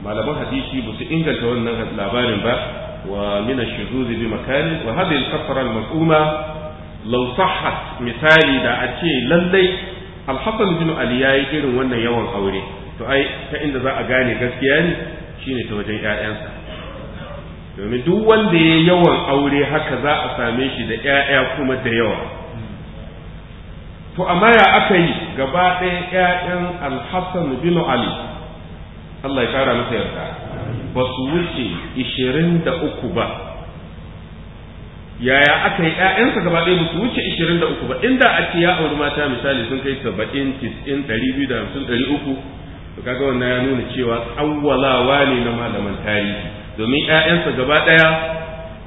Speaker 2: malaman hadisi ba su inganta wannan labarin ba wa min ash-shuzuz bi makan wa hadhihi al-kaffara al-mas'uma law misali da a ce lallai al-hasan bin ya yayi irin wannan yawan aure to ai ta inda za a gane gaskiya ne shine ta wajen ƴaƴansa domin duk wanda ya yawan aure haka za a same shi da ƴaƴa kuma da yawa to amma ya aka yi gaba ɗaya ƴaƴan alhassan bin ali Allah ya kara masa yarda ba su wuce ishirin da uku ba yaya aka yi ƴaƴansa gaba ɗaya ba su wuce ishirin da uku ba inda a ce ya auri mata misali sun kai saba'in tis'in ɗari biyu da hamsin ɗari uku to kaga wannan ya nuna cewa tsawwalawa ne na malaman tarihi domin ƴaƴansa gaba ɗaya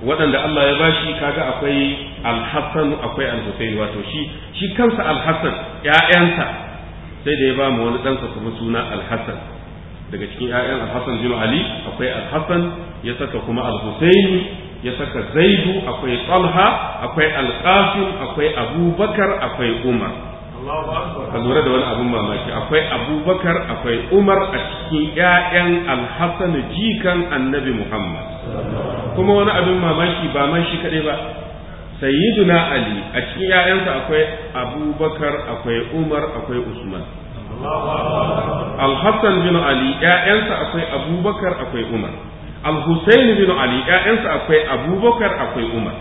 Speaker 2: waɗanda Allah ya bashi kaga akwai alhassan akwai alhussein wato shi shi kansa alhassan 'ya'yansa sai da ya ba mu wani ɗansa kuma suna alhassan daga cikin 'ya'yan alhassan bin ali akwai alhassan ya saka kuma alhussein ya saka zaidu akwai talha akwai alqasim akwai abubakar akwai umar
Speaker 3: ka lura da wani abin
Speaker 2: mamaki akwai abubakar akwai umar a cikin 'ya'yan alhassan jikan annabi muhammad kuma wani abin mamaki ba man shi kadai ba sayyiduna ali a cikin 'ya'yansa akwai abubakar akwai umar akwai usman al-hassan bin ali 'ya'yansa akwai abubakar akwai umar al-husayn bin ali 'ya'yansa akwai abubakar akwai umar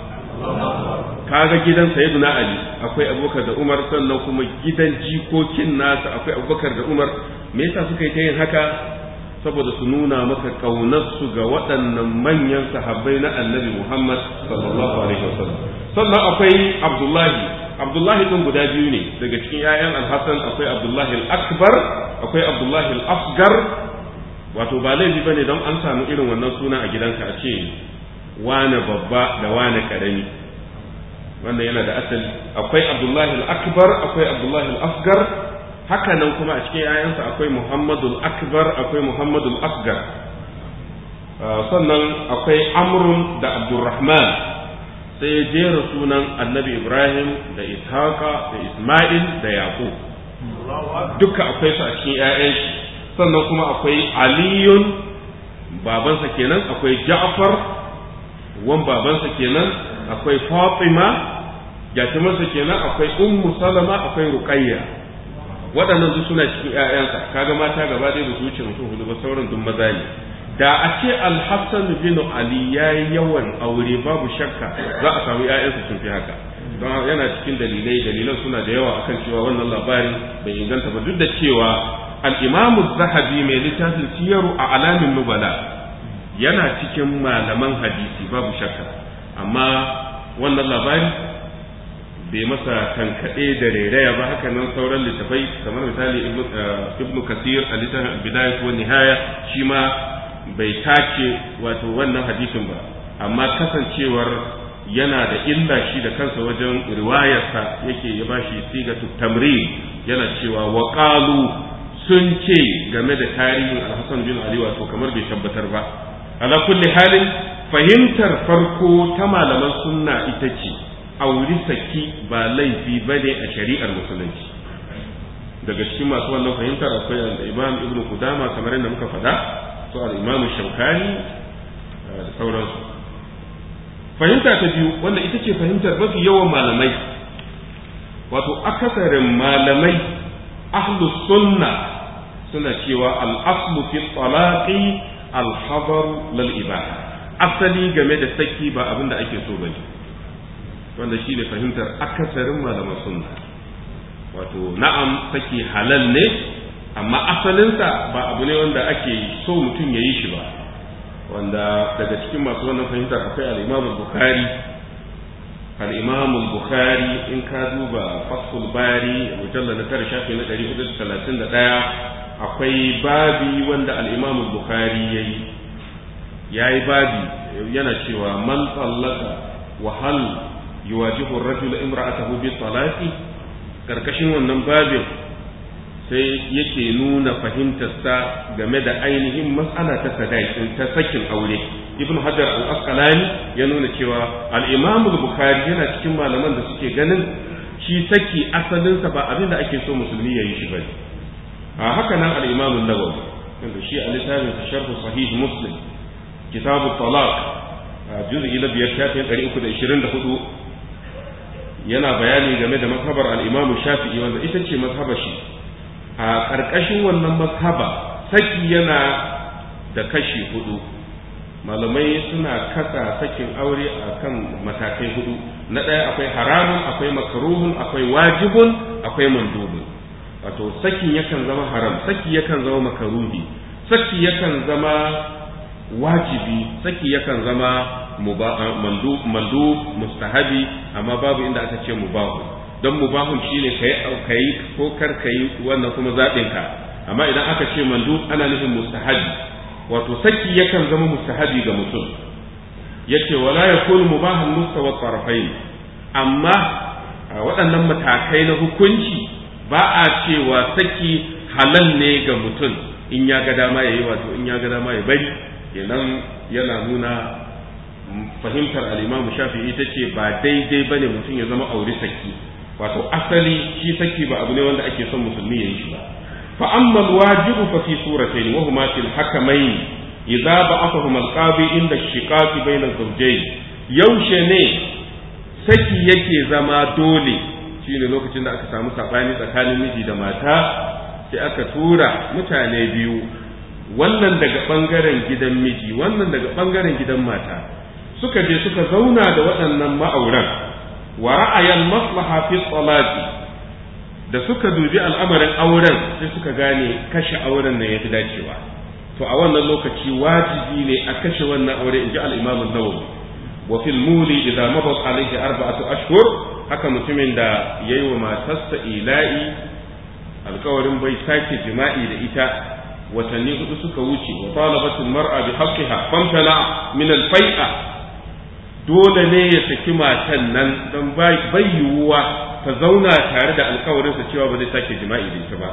Speaker 2: kaga gidan sayyiduna ali akwai abubakar da umar sannan kuma gidan jikokin nasa akwai abubakar da umar me yasa suka yi ta yin haka saboda su nuna maka kaunarsu ga waɗannan manyan sahabbai na annabi Muhammad sallallahu alaihi wasallam sannan akwai Abdullahi Abdullahi din guda biyu ne daga cikin ƴaƴan Al-Hasan akwai Abdullahi Al-Akbar akwai Abdullahi Al-Asghar wato ba laifi bane don an samu irin wannan suna a gidanka a ce wane babba da wane karami wannan yana da asali akwai Abdullahi Al-Akbar akwai Abdullahi Al-Asghar haka nan kuma a cikin ‘ya'yansa akwai muhammadul akbar akwai muhammadul asgar ah, sannan akwai amrun da abdurrahman sai ya jera sunan annabi ibrahim da ishaqa da isma'il da yaqub duka akwai su a cikin ‘ya'yan sannan kuma akwai aliyun babansa kenan akwai ja'far wan babansa kenan akwai fatima gyatumarsa kenan akwai ummu salama akwai ruqayya waɗannan duk suna cikin ƴaƴansa kaga mata gaba ɗaya ba su wuce mutum hudu ba sauran duk maza ne da a ce alhassan bin ali ya yi yawan aure babu shakka za a samu ƴaƴansa sun fi haka don yana cikin dalilai dalilan suna da yawa akan cewa wannan labarin bai inganta ba duk da cewa al zahabi mai littafin siyaru a alamin nubala yana cikin malaman hadisi babu shakka amma wannan labari bai masa tankaɗe da rairaya ba haka nan sauran littafai kamar misali ibnu eh, kasir a littafin bidaya ko nihaya shi ma bai tace wato wannan hadisin ba amma kasancewar yana da illa shi da kansa wajen riwayarsa yake ya bashi siga tamrin yana cewa wa sun ce game da tarihin al bin Ali wato kamar bai tabbatar ba ala kulli halin fahimtar farko ta malaman sunna ita ce auri saki ba laifi ba ne a shari'ar musulunci daga cikin masu wannan fahimtar akwai imam ibn kudama kamar yadda muka faɗa su imam shaukani eh, da sauransu fahimta ta biyu wanda ita ce fahimtar mafi yawan malamai wato akasarin malamai ahlus sunna suna cewa aslu fi talaqi al-hadar lil ibada asali game da saki ba abin da ake so bane wanda shi ne fahimtar akasarin malaman sunna wato na'am take halal ne amma asalinsa ba abu ne wanda ake so mutum ya yi shi ba wanda daga cikin masu wannan fahimtar akwai al-Imam Bukhari al Bukhari in ka duba Fathul Bari mujallal na tare shafi na ɗaya akwai babi wanda al-Imam Bukhari yayi yayi babi yana cewa man sallaka wa hal yuwajibu ar-rajul imra'atahu bi talaqi karkashin wannan babin sai yake nuna fahimtarsa game da ainihin matsala ta sadakin ta sakin aure ibn hajar al-asqalani ya nuna cewa al-imam bukhari yana cikin malaman da suke ganin shi saki asalinsa ba abin da ake so musulmi ya yi shi ba. a haka nan al-imam an-nawawi wanda shi a littafin sharh sahih muslim kitab at-talaq juz'i na biyar shafin 324 yana bayani game da mazhabar al Shafi'i wanda ita ce mazhabar shi a ƙarƙashin wannan mazhaba saki yana da kashi hudu malamai suna kasa sakin aure a kan matakai hudu na ɗaya akwai haramun akwai makaruhun akwai wajibun akwai mandubun wato sakin yakan zama haram saki yakan zama makaruhi saki yakan zama wajibi saki yakan zama Ah, mandu mustahabi amma babu inda aka ce mubahu don mubahun shine kai kai ko kar kai wannan kuma zaɓin ka amma idan aka ce mandu ana nufin mustahabi wato saki yakan zama mustahabi ga mutum yace wala yakunu mubahan mustawa tarfain amma a ah, waɗannan matakai na hukunci ba a cewa saki halal ne ga mutum in ya ga dama ya yi wato in ya ga dama ya bari kenan yana nuna fahimtar al'imamu shafi ita ce ba daidai ba ne mutum ya zama auri saki wato asali shi saki ba abu ne wanda ake son musulmi ya yi shi ba fa amma wajibu fa fi suratayn wa huma fil hakamayn idza ba'athahum al-qadi inda shiqaqi bayna zawjayn yaushe ne saki yake zama dole shine lokacin da aka samu sabani tsakanin miji da mata sai aka tura mutane biyu wannan daga bangaren gidan miji wannan daga bangaren gidan mata suka je suka zauna da waɗannan ma'auran wa ra'ayan maslaha fi salati da suka dubi al'amarin auren sai suka gane kashe auren nan yafi dacewa to a wannan lokaci wajibi ne a kashe wannan aure inji al-Imam an-Nawawi wa fil muli idza mabat alayhi arba'atu ashhur haka mutumin da yayi wa matarsa ila'i alkawarin bai sake jima'i da ita watanni hudu suka wuce wa talabatul mar'a bi haqqiha famtala min al-fai'a dole ne ya saki matan nan don bai yiwuwa ta zauna tare da alkawarinsa cewa ba zai sake jima'i da ita ba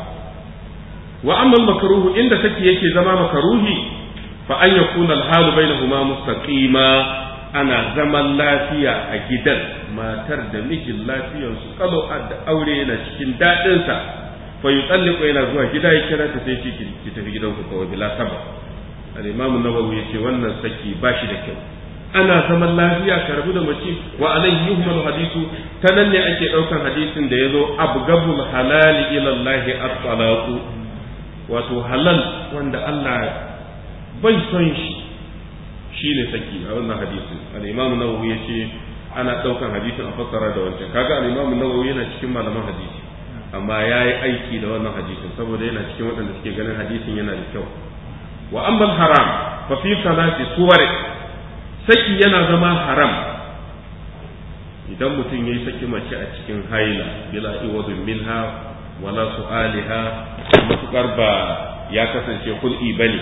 Speaker 2: wa amma makaruhu inda take yake zama makaruhi fa an yakuna alhalu bainahuma mustaqima ana zaman lafiya a gidan matar da mijin lafiyar su kalo da aure na cikin daɗinsa sa fa yutalliqu yana zuwa gida ya kira ta sai ki tafi gidan ku kawai bila sabab al-imam an-nawawi yace wannan saki bashi da kyau ana zaman lafiya ka rabu da mace wa alaihi yuhmalu hadisu ta nan ne ake ɗaukan hadisin da ya zo abgabul halali ila Allah at-talaqu wato halal wanda Allah bai son shi shine saki a wannan hadisin al-Imam Nawawi yace ana ɗaukan hadisin a fassara da wancan kaga al-Imam Nawawi yana cikin malaman hadisi amma yayi aiki da wannan hadisin saboda yana cikin waɗanda suke ganin hadisin yana da kyau wa amma haram fa fi salati suwari saki yana zama haram idan mutum ya yi saki mace a cikin haila bila iwadun minha wala su'aliha matukar ba ya kasance ba bane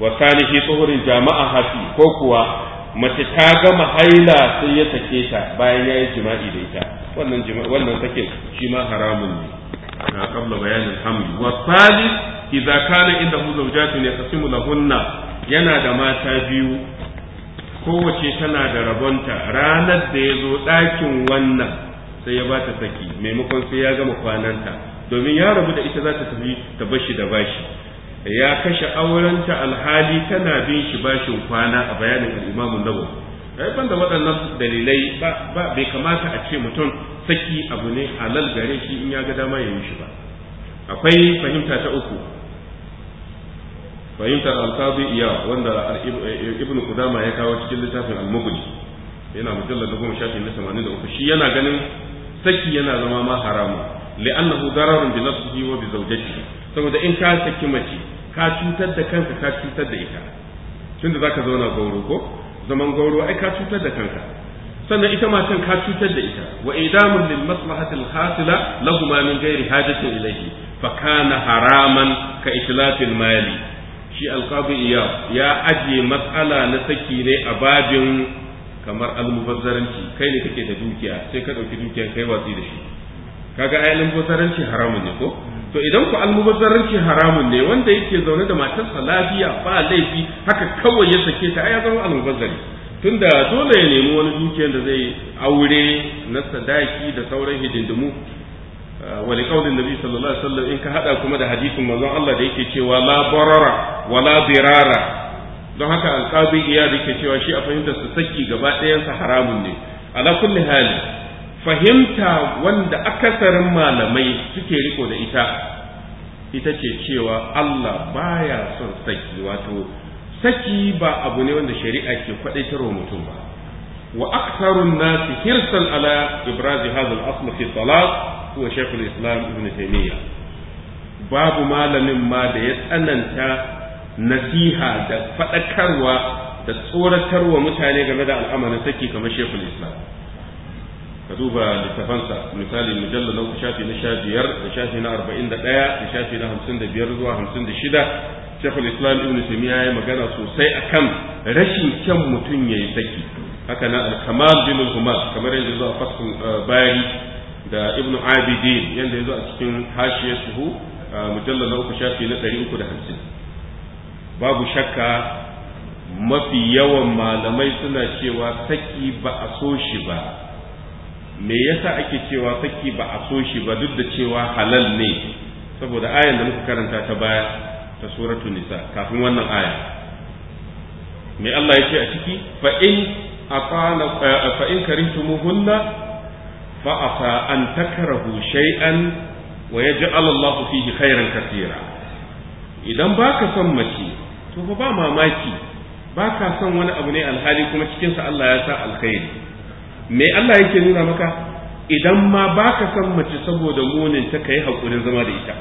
Speaker 2: wa salihi fi jama'a hafi ko kuwa mace ta gama haila sai ya sake ta bayan ya yi jima'i da ita wannan wannan sakin shi ma haramun ne na kabla bayanin hamdi wa salis idza kana inda zawjatun yaqsimu lahunna yana da mata biyu kowace tana da rabonta ranar da ya zo ɗakin wannan sai ya ba ta saki maimakon sai ya gama kwananta domin ya rabu da ita za ta tafi ta bashi da bashi ya kashe aurenta alhali tana bin shi bashin kwana a bayanin al'imamun nawa ban da waɗannan dalilai ba bai kamata a ce mutum saki abu ne halal gare shi in ya ga dama ya yi shi ba akwai fahimta ta uku fahimtar alkazi iya wanda ibn kudama ya kawo cikin littafin almugni yana da goma shafi na tamanin da uku shi yana ganin saki yana zama ma haramu li'annahu dararun bi nafsihi wa bi zawjatihi saboda in ka saki mace ka cutar da kanka ka cutar da ita tunda zaka zauna gauro ko zaman gauro ai ka cutar da kanka sannan ita matan ka cutar da ita wa idamun lil maslahati al hasila lahuma min ghairi hajatin ilayhi fa kana haraman ka itlafil mali shi alqabi iya ya aje matsala na saki ne a babin kamar almubazzaranci kai ne kake da dukiya sai ka ɗauki dukiya kai watsi da shi kaga ai almubazzaranci haramun ne ko to idan ku almubazzaranci haramun ne wanda yake zaune da matarsa lafiya ba laifi haka kawai ya sake ta ai ya zama almubazzari tunda dole ya nemi wani dukiyar da zai aure na sadaki da sauran hidindimu wali kaulin nabi sallallahu alaihi wasallam in ka hada kuma da hadisin manzon Allah da yake cewa la barara wala dirara don haka alqabi iya da cewa shi a fahimtar su saki gaba ɗayan sa haramun ne ala kulli hali fahimta wanda akasarin malamai suke riko da ita ita ce cewa Allah baya son saki wato saki ba abu ne wanda shari'a ke kwadaitarwa mutum ba wa aktharun nasi hirsan ala ibrazi hadha al-asl fi salat huwa shaykhul islam ibn taymiya babu malamin ma da ya tsananta nasiha da fadakarwa da tsoratarwa mutane game da al'amarin saki kamar shaykhul islam ka duba littafansa misali mujalla na shafi na shajiyar da shafi na arba'in da ɗaya da shafi na hamsin da biyar zuwa hamsin da shida shekul islam ibn taymiya ya yi magana sosai akan rashin kyan mutum ya yi saki haka na alkamal bin humar kamar yadda a fasul eh, bayani da ibn abidin yanda ya zo a cikin hashiyatuhu mujallal na uku shafi na ɗari uku da hamsin babu shakka mafi yawan malamai suna cewa saki ba a so shi ba me yasa ake cewa saki ba a so shi ba duk da cewa halal ne saboda ayan da muka karanta ta baya ta suratul nisa kafin wannan aya me Allah ya ce a ciki fa in aqala fa in karimtumuhunna فعسى أن تكرهوا شيئا ويجعل الله فيه خيرا كثيرا idan baka son mace to fa ba mamaki baka son wani abu ne alhali kuma cikinsa Allah ya sa alkhairi me Allah yake nuna maka idan ma baka son mace saboda munin ta kai hakurin zama da ita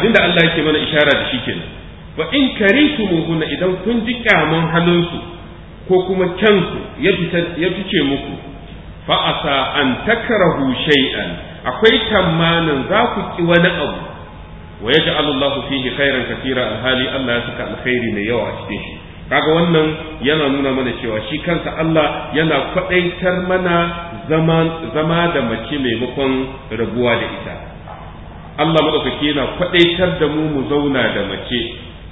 Speaker 2: abinda Allah yake mana ishara da shi kenan wa in karihtumunna idan kun ji kyaman su ko kuma su ya fice muku fa asa an takrahu shay'an akwai tamanin za ku ki wani abu wa yaj'alu Allahu fihi khairan katira alhali Allah ya saka alkhairi mai yawa cikin shi kaga wannan yana nuna mana cewa shi kansa Allah yana kwadaitar mana zama da mace maimakon rabuwa da ita Allah madaukaki yana kwadaitar da mu mu zauna da mace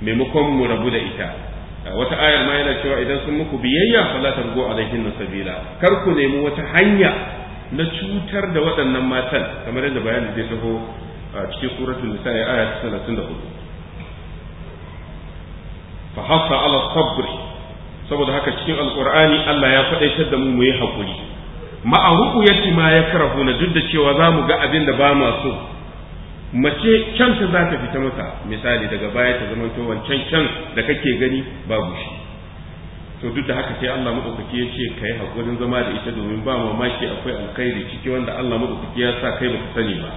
Speaker 2: maimakon mu rabu da ita Eh, wata ayar ma yana cewa idan sun muku biyayya fala targo alaihin sabila kar ku nemi wata hanya na cutar da waɗannan matan kamar yadda bayani zai taho a cikin suratul nisa ya aya 34 fa hasa ala sabr saboda haka cikin alqur'ani Allah ya faɗaitar da mu mu yi hakuri ma'a ruqyati ma yakrahuna duk da cewa za mu ga abin da ba ma so mace ta za ta fita masa misali daga baya ta zama to wancan can da kake gani babu shi to duk da haka sai Allah madaukaki ya ce kai hakurin zama da ita domin ba mamaki akwai alkhairi ciki wanda Allah madaukaki ya sa kai baka sani ba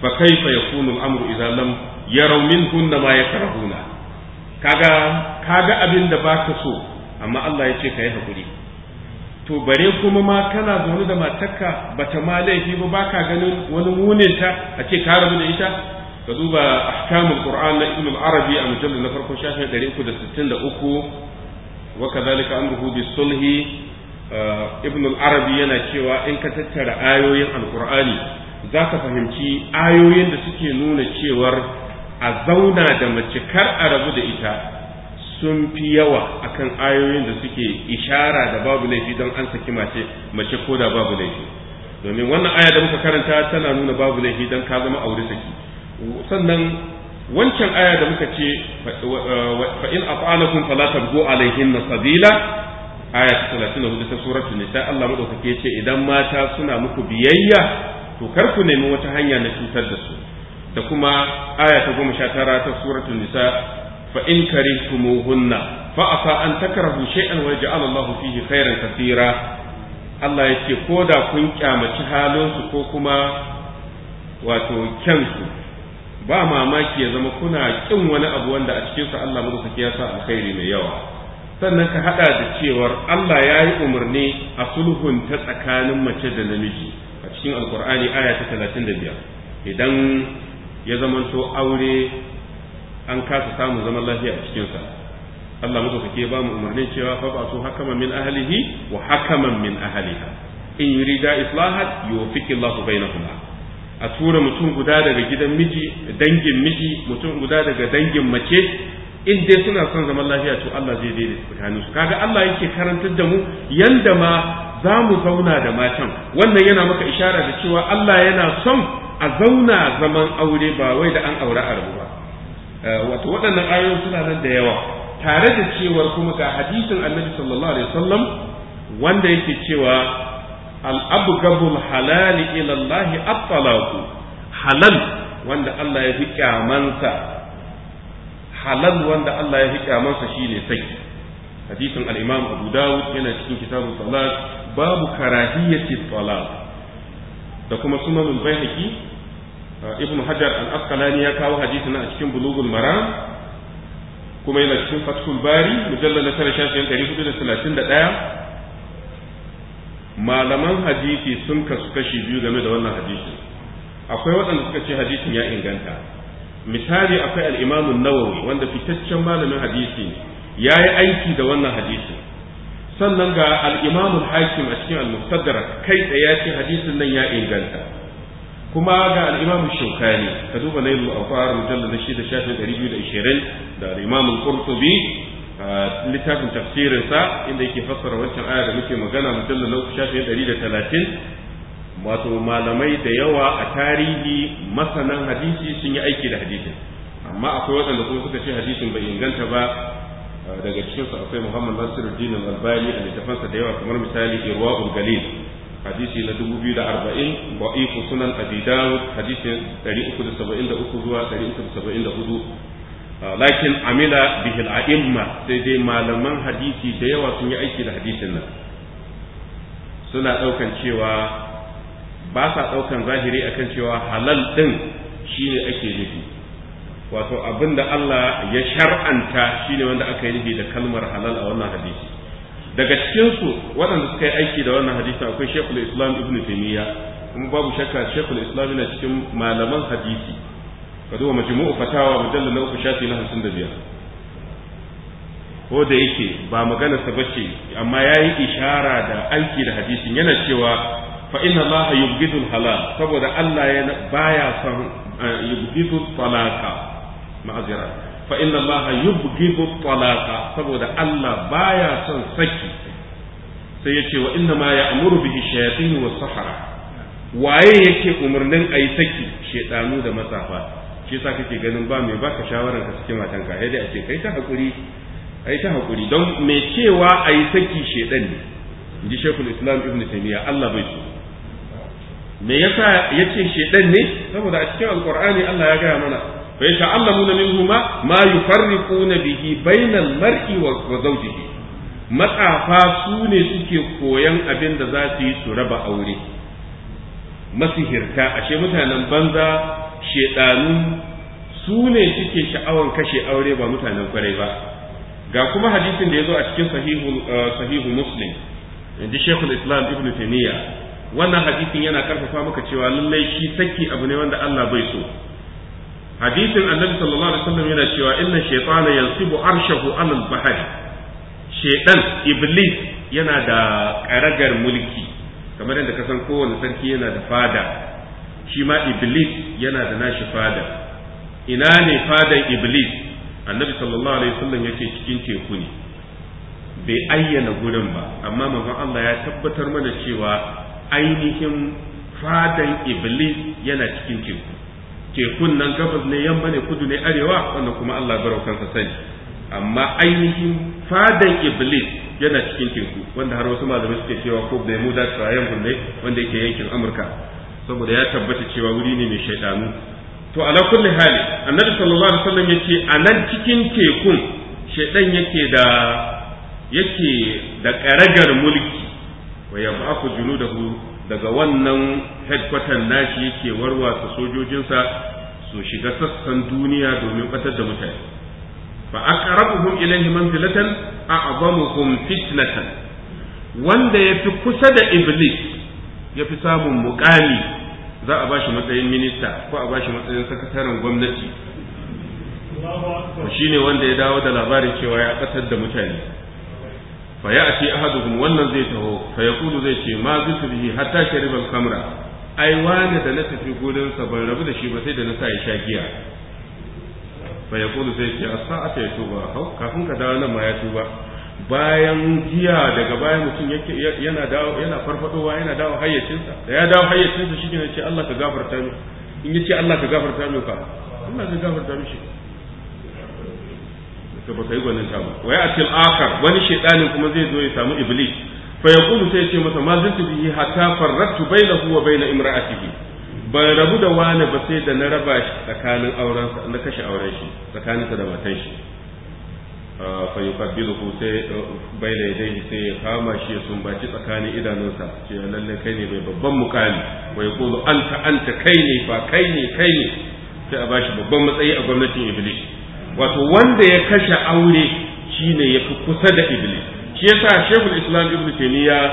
Speaker 2: fa kaifa yakunu al-amru idza lam yaraw minhunna ma yakrahuna kaga kaga abin da baka so amma Allah ya ce kai hakuri to bare kuma ma kana zaune da matarka ta ma laifi ba baka ganin wani munin ta a ce ka rabu da ita ka duba ahkamul qur'an na ibn arabi a mujallal na farko shafin 363 wa kadhalika amruhu sulhi. Uh, ibn al-arabi yana cewa in ka tattara ayoyin alqur'ani zaka fahimci ayoyin da suke nuna cewar a zauna da mace kar a rabu da ita sun fi yawa akan ayoyin da suke ishara da babu laifi don an saki mace mace ko da babu laifi domin wannan aya da muka karanta tana nuna babu laifi don ka zama aure saki sannan wancan aya da muka ce fa in afanakum fala tabgu alaihin sabila aya ta 34 ta suratul nisa Allah madaukake yace idan mata suna muku biyayya to kar ku nemi wata hanya na cutar da su da kuma aya ta 19 ta suratul nisa fa in karihtumuhunna fa asa an takrahu shay'an wa yaj'al Allah fihi khairan kaseera Allah yake ko da kun kyamaci halinsu ko kuma wato kyansu ba mamaki ya zama kuna kin wani abu wanda a cikinsa Allah madaukaki ya sa alkhairi mai yawa sannan ka hada da cewar Allah ya yi umarni a sulhun ta tsakanin mace da namiji a cikin alkur'ani aya ta 35 idan ya zamanto aure an kasa samun zaman lafiya a cikinsa Allah madaukake ba mu umarnin cewa fa ba su hakaman min ahlihi wa hakaman min ahliha in yurida islahat yuwaffiqu Allah bainahuma a tura mutum guda daga gidan miji dangin miji mutum guda daga dangin mace in dai suna son zaman lafiya to Allah zai daidaita tsakaninsu kaga Allah yake karantar da mu yanda ma za mu zauna da matan wannan yana maka ishara da cewa Allah yana son a zauna zaman aure ba wai da an aure a rabu ba Eh, wato waɗannan ayoyin suna nan da yawa tare da cewar kuma ga hadisin annabi sallallahu alaihi wasallam wanda yake cewa al-abgabul halali ila Allah at-talaqu halal wanda Allah ya fi kyamansa halal wanda Allah ya fi kyamansa shine sai hadisin al-imam Abu Dawud yana cikin kitabun salat babu karahiyati talaq da kuma sunan baihaqi Eh, ibn hajar al-asqalani ya kawo hadisin a cikin bulugul maram kuma yana cikin fathul bari mujallal na tara shafin ɗari hudu da talatin da ɗaya malaman hadisi sun kasu kashi biyu game da wannan hadisin akwai waɗanda suka ce hadisin ya inganta misali akwai al-imam nawawi wanda fitaccen malamin hadisi ne ya yi aiki da wannan hadisin sannan ga al-imam hakim a cikin al-mustadrak kai tsaye ya ce hadisin nan ya inganta kuma ga al-imam ka duba lailu afar mujallal da shi da shafin biyu da ishirin da al-qurtubi littafin tafsirinsa inda yake fassara wancan aya da muke magana mujallal na shafin talatin wato malamai da yawa a tarihi masanan hadisi sun yi aiki da hadisin amma akwai waɗanda kuma suka ce hadisin bai inganta ba daga cikinsu akwai muhammad nasiruddin al-albani a littafansa da yawa kamar misali irwa'ul galil hadisi na dubu biyu da 2040 ba'ifu sunan abi dawud hadisi uku zuwa da da saba'in hudu ah, lakin amila bihil a'imma sai dai malaman hadisi da yawa sun yi aiki da hadisin nan suna ɗaukan cewa ba sa ɗaukan zahiri akan cewa halal ɗin shine ake nufi wato abinda Allah ya shar'anta shine wanda aka yi nufi da kalmar halal a wannan hadisi daga cikinsu waɗanda suka yi aiki da wannan hadisi akwai shekul islam ibn taimiyya kuma babu shakka shekul islam yana cikin malaman hadisi ka zuwa majmu'u fatawa mujalla na uku shafi na hamsin da biyar ko da yake ba magana sa ce amma ya yi ishara da aiki da hadisin yana cewa fa inna allah halal saboda allah ya baya son eh, yubghidul talaka ma'azira fa inna allaha yubghidu talaqa saboda Allah baya son saki sai yace wa inna ma ya'muru bihi shayatin wa sahara waye yake umarnin ayi saki shedanu da masafa shi yasa kake ganin ba mai baka shawaran ka saki matanka sai dai a ce kai ta hakuri ai ta hakuri don me cewa ayi saki shedan ne inji shekul islam ibnu taymiya Allah bai so me yasa yace shedan ne saboda a cikin alqur'ani Allah ya gaya mana fa yata'allamuna minhuma ma yufarriquna bihi bainal mar'i wa zawjihi matsafa su ne suke koyan abin da za su yi su raba aure masihirta ashe mutanen banza shedanu su ne suke sha'awan kashe aure ba mutanen kwarai ba ga kuma hadisin da ya zo a cikin sahihu uh, muslim inji shekul islam ibn taymiya wannan hadisin yana karfafa maka cewa lallai shi saki abu ne wanda Allah bai so hadisin annabi sallallahu alaihi wasallam yana cewa inna shaytana yansibu arshahu ala al-bahr shaytan iblis yana da karagar mulki kamar yadda kasan kowane sarki yana da fada shi ma iblis yana da nashi fada ina ne fadan iblis annabi sallallahu alaihi wasallam yake cikin teku ne bai ayyana gurin ba amma manzon Allah ya tabbatar mana cewa ainihin fadan iblis yana cikin teku tekun nan gabas ne yamma ne kudu ne arewa wannan kuma Allah barau kansa sani amma ainihin fadan iblis yana cikin teku wanda har wasu malamai suke cewa ko da triangle ne wanda yake yankin amurka saboda ya tabbata cewa wuri ne mai shaidanu to ala kulli hali annabi sallallahu alaihi wasallam yace a nan cikin tekun shaidan yake da yake da karagar mulki wa yab'aku junudahu daga wannan headquarter nashi yake warwasa sojojinsa su shiga sassan duniya domin batar da mutane fa aqrabuhum ilayhi manzilatan a'zamuhum fitnatan wanda yafi kusa da iblis yafi samun muƙami za a bashi matsayin minista ko a bashi matsayin sakataren gwamnati
Speaker 3: shine wanda ya dawo
Speaker 2: da labarin cewa ya kasar da mutane fa ya'ti ahaduhum wannan zai taho fa yaqulu zai ce ma zutu bihi hatta shariba al-khamra ai wani da na tafi gurin sa ban rabu da shi ba sai da na sa ya sha giya fa yaqulu zai ce as sai yatuba hau kafin ka dawo nan ma ya tuba bayan giya daga bayan mutum yake yana dawo yana farfadowa yana dawo hayyacinsa da ya dawo hayyacinsa shi ne ce Allah ka gafarta mi in yace Allah ka gafarta mi fa Allah zai gafarta mishi ba ka yi sha ba a til akar wani shaytanin kuma zai zo ya samu iblis fa kudu sai ce masa ma zintu bihi hatta farratu bainahu wa bain imra'atihi ban rabu da wani ba sai da na raba shi tsakanin auren na kashe auren shi tsakanin sa da matan shi fa kuma sai baina yadayhi sai ya kama shi ya sumbaci tsakanin idanunsa ce lalle kai ne mai babban mukami wai yaqulu anta anta kai ne fa kai ne kai ne sai a bashi babban matsayi a gwamnatin iblis wato wanda ya kashe aure shine ya fi kusa da iblis shi yasa shehul islam ibn ya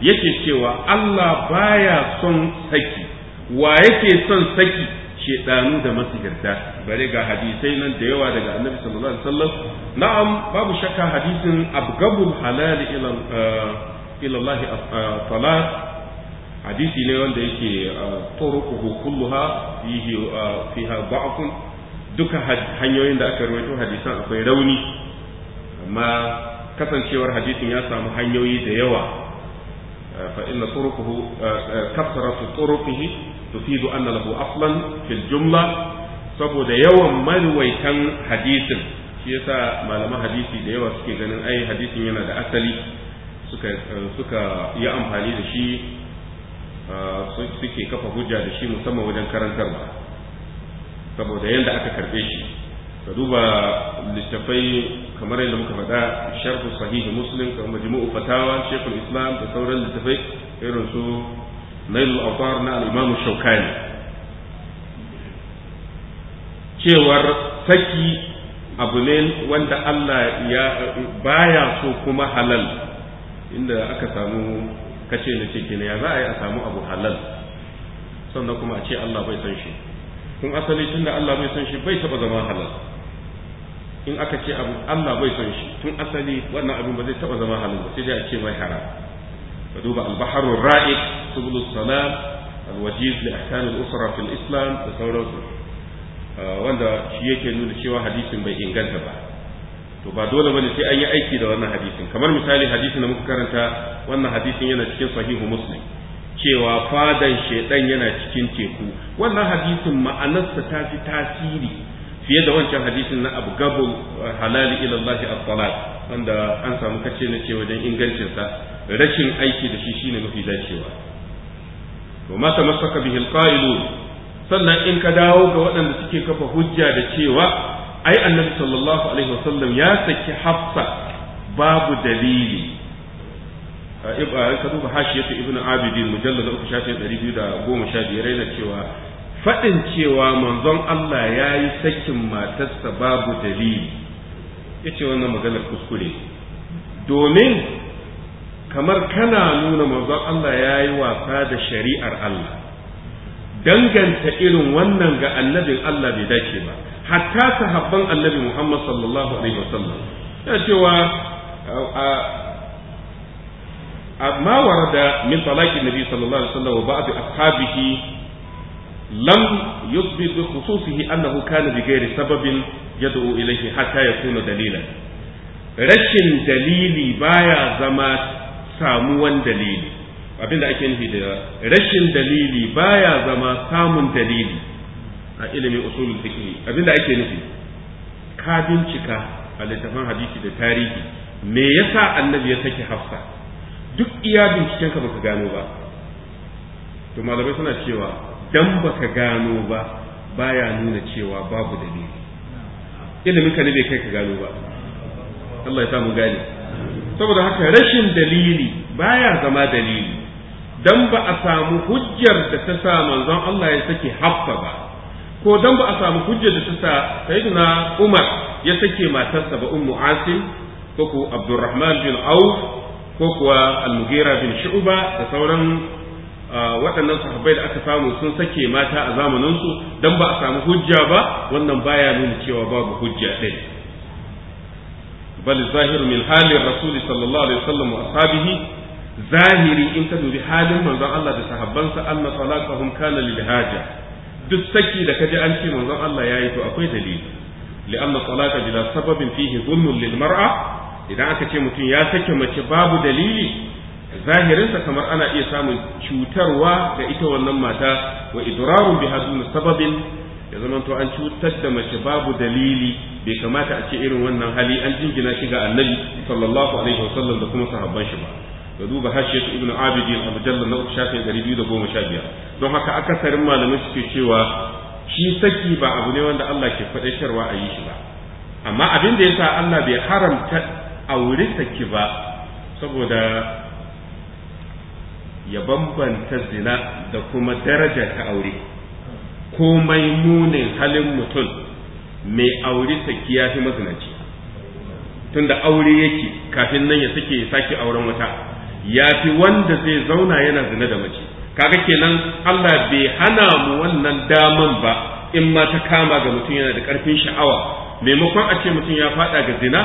Speaker 2: yake cewa Allah baya son saki wa yake son saki shedanu da masigarta bare ga hadisai nan da yawa daga annabi sallallahu alaihi wasallam na'am babu shakka hadisin abgabul halal ila eh, ila Allah salat eh, hadisi ne wanda yake eh, turuquhu kulluha fihi fiha da'fun duka hanyoyin da aka rawaito hadisan akwai rauni amma kasancewar hadisin ya samu hanyoyi da yawa eh, fa inna turuquhu eh, eh, kasratu turuqihi tufidu anna lahu aslan fil jumla saboda yawan marwaitan hadisin shi yasa malaman hadisi da yawa suke ganin ai hadisin yana da asali suka suka yi amfani da shi suke kafa hujja da shi musamman wajen karantarwa saboda yadda aka karbe shi ka duba littafai kamar yadda muka faɗa sharhu sahihi muslim kamar majmu'u fatawa shekul islam da sauran littafai irin su nailul awtar na al-imam shaukani cewar saki abu ne wanda Allah ya baya so kuma halal inda aka samu kace na ce ya za a yi a samu abu halal sannan kuma a ce Allah bai san shi kun asali tunda Allah bai san shi bai taba zama halal in aka ce abu Allah bai san shi tun asali wannan abin ba zai taba zama halal ba sai dai a ce mai haram ka duba al-bahr ar-ra'iq subul salam al-wajiz li ahkam al-usra fil islam da sauransu ah, wanda shi yake nuna cewa hadisin bai inganta ba to ba dole bane sai an yi aiki da wannan hadisin kamar misali hadisin da muka karanta wannan hadisin yana cikin sahihu muslim cewa fadan shaidan yana cikin teku wannan hadisin ma'anarsa ta fi tasiri fiye da wancan hadisin na abu gabu halali ila Allah as-salat wanda an samu kace na ce wajen ingancinsa. sa rashin aiki da shi shine mafi dacewa wa ma tamassaka bihi al sannan in ka dawo ga waɗanda suke kafa hujja da cewa ai annabi sallallahu alaihi wasallam ya saki hafsa babu dalili Eh, eh, ka duba hashiyatu ibnu abidin mujallal uku shafi ɗari biyu da goma sha biyar yana cewa faɗin cewa manzon Allah ya yi sakin matarsa babu dalili ya ce wannan maganar kuskure domin kamar kana nuna manzon Allah ya yi wasa da shari'ar Allah danganta irin wannan ga annabin Allah bai dace ba hatta sahabban annabi Muhammad sallallahu alaihi wasallam ya cewa ما ورد من طلاق النبي صلى الله عليه وسلم وبعض أصحابه لم يثبت بخصوصه أنه كان بغير سبب يدعو إليه حتى يكون دليلا rashin dalili baya zama samuwan dalili abinda ake nufi da rashin dalili baya zama samun dalili a ilimin usulul fiqh abinda ake nufi ka bincika a littafin hadisi da tarihi me yasa annabi ya saki hafsa duk iya binciken ka baka gano ba to malamai suna cewa dan baka gano ba baya nuna cewa babu dalili ilimin ka ne bai kai ka gano ba Allah ya samu gane saboda haka rashin dalili baya zama dalili dan ba a samu hujjar da ta sa manzon Allah ya sake haffa ba ko dan ba a samu hujjar da ta sa sayyidina Umar ya sake matarsa ba ummu Asim ko ko Abdurrahman bin Auf ko kuwa al-mughira bin shu'ba da sauran waɗannan sahabbai da aka samu sun sake mata a zamanin su ba a samu hujja ba wannan baya nuna cewa babu hujja ɗin bal zahir min halin rasuli sallallahu alaihi wasallam wa ashabihi zahiri in ka dubi halin manzon Allah da sahabbansa anna salatuhum kana lil duk saki da kaji an ce manzon Allah yayi to akwai dalili li'anna salata bila sababin fihi dhulmun lil mar'a idan aka ce mutum ya sake mace babu dalili zahirinsa kamar ana iya samun cutarwa ga ita wannan mata wa idrarun bi hadun sababin ya zama to an cutar da mace babu dalili bai kamata a ce irin wannan hali an jingina shi ga annabi sallallahu alaihi wasallam da kuma sahabban shi ba da duba su Ibnu abidin a mujallar na shafin dari biyu da goma sha biyar don haka akasarin malamai suke cewa shi saki ba abu ne wanda Allah ke faɗaitarwa a yi shi ba amma abin da ya Allah bai haramta auri saki ba saboda ya bambanta zina da kuma daraja ta aure komai munin halin mutum mai aure saki ya fi mazinaci tunda aure yake kafin nan ya sake ya sake auren wata ya fi wanda zai zauna yana zina da mace kaga kenan Allah bai hana mu wannan daman ba in ma ta kama ga mutum yana da ƙarfin sha'awa maimakon a ce mutum ya faɗa ga zina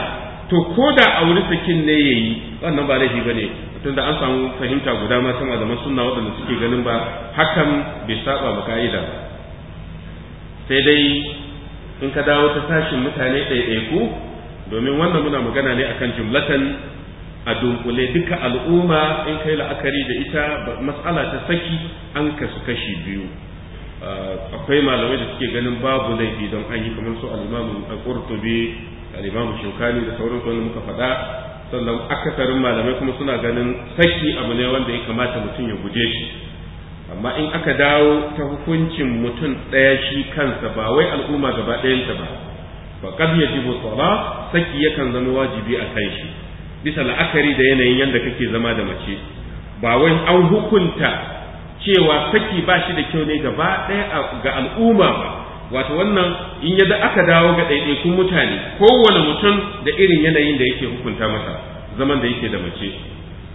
Speaker 2: to ko da a wuri sakin ne yayi wannan ba laifi bane tunda an samu fahimta guda ma sama da sunna waɗanda suke ganin ba hakan bai saba ba ka'ida sai dai in ka dawo ta sashin mutane ɗaiɗaiku domin wannan muna magana ne akan jumlatan a dunkule duka al'umma in kai la'akari da ita matsala ta saki an kasu kashi biyu ah, akwai malamai da suke ganin babu laifi don an yi kamar su al'imamu al-qurtubi al’imamu shukani da sauran wanda muka faɗa sannan akasarin malamai kuma suna ganin saki abu ne wanda ya kamata mutum ya guje shi amma in aka dawo ta hukuncin mutum ɗaya shi kansa ba wai al'umma gaba ɗayanta ba ba kad yajibu ba saki yakan zama wajibi a kan shi bisa la'akari da yanayin yadda kake zama da mace ba wai an hukunta cewa saki ba shi da kyau ne gaba ɗaya ga al'umma ba wato wannan in yadda aka dawo ga ɗaiɗaikun mutane kowane mutum da irin yanayin da yake hukunta masa zaman da yake da mace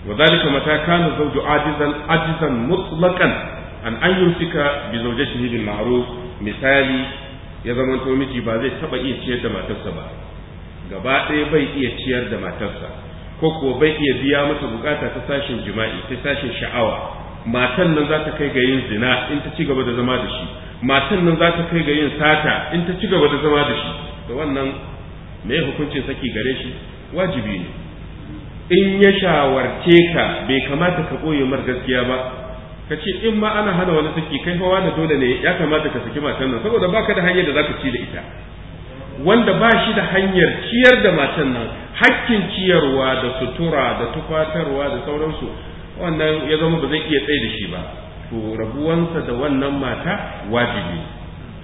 Speaker 2: wadalika mata kana zauju ajizan ajizan mutlaqan an an yumsika bi zawjatihi bil ma'ruf misali ya zaman to miji ba zai taba iya ciyar da matarsa ba gaba ɗaya bai iya ciyar da matarsa ko kuwa bai iya biya mata bukata ta sashin jima'i ta sashin sha'awa matan nan za ta kai ga yin zina in ta ci gaba da zama da shi matan nan za ta kai ga yin sata in ta ci gaba da zama da shi da wannan mai hukuncin saki gare shi wajibi ne in ya shawarce ka bai kamata ka ɓoye mar gaskiya ba ka ce in ma ana hana wani saki kai hawa da dole ne ya kamata ka saki matan nan saboda baka da hanyar da za ka ci da ita wanda ba shi da hanyar ciyar da matan nan hakkin ciyarwa da sutura da tufatarwa da sauransu wannan ya zama ba zai iya tsaye da shi ba to rabuwansa da wannan mata wajibi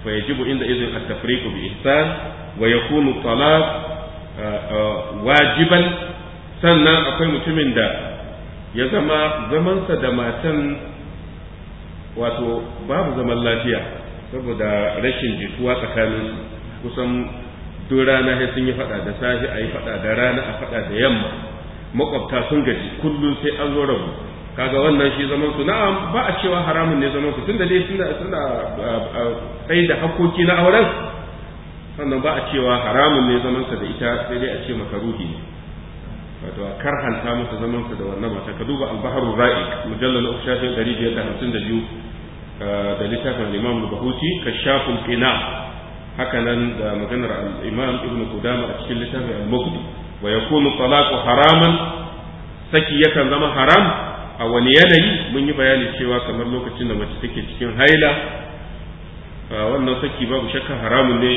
Speaker 2: fa yajibu inda izin at-tafriqu bi ihsan wa yakunu talaq uh, uh, wajiban sannan akwai mutumin da ya zama zamansa da matan wato babu zaman lafiya saboda rashin jituwa tsakanin kusan duk rana sai sun yi fada da safe a yi fada da rana a fada da yamma makwabta sun gaji kullum sai an zo rabu kaga wannan shi zaman su na'am ba a cewa haramun ne zaman su tunda dai suna suna tsaye da hakoki na auren sannan ba a cewa haramun ne zaman sa da ita sai dai a ce makaruhi ne wato a karhanta masa zaman sa da wannan mata ka duba al-bahrul ra'iq mujallal ukhshafin 552 da littafin Imam Bahuti kashaful qina haka nan da maganar al-Imam ibnu Qudama a cikin littafin al-Muqdi wa yakunu talaqu haraman saki yakan zama haram a wani yanayi mun yi bayani cewa kamar lokacin da mace take cikin haila wannan saki babu shakka haramun ne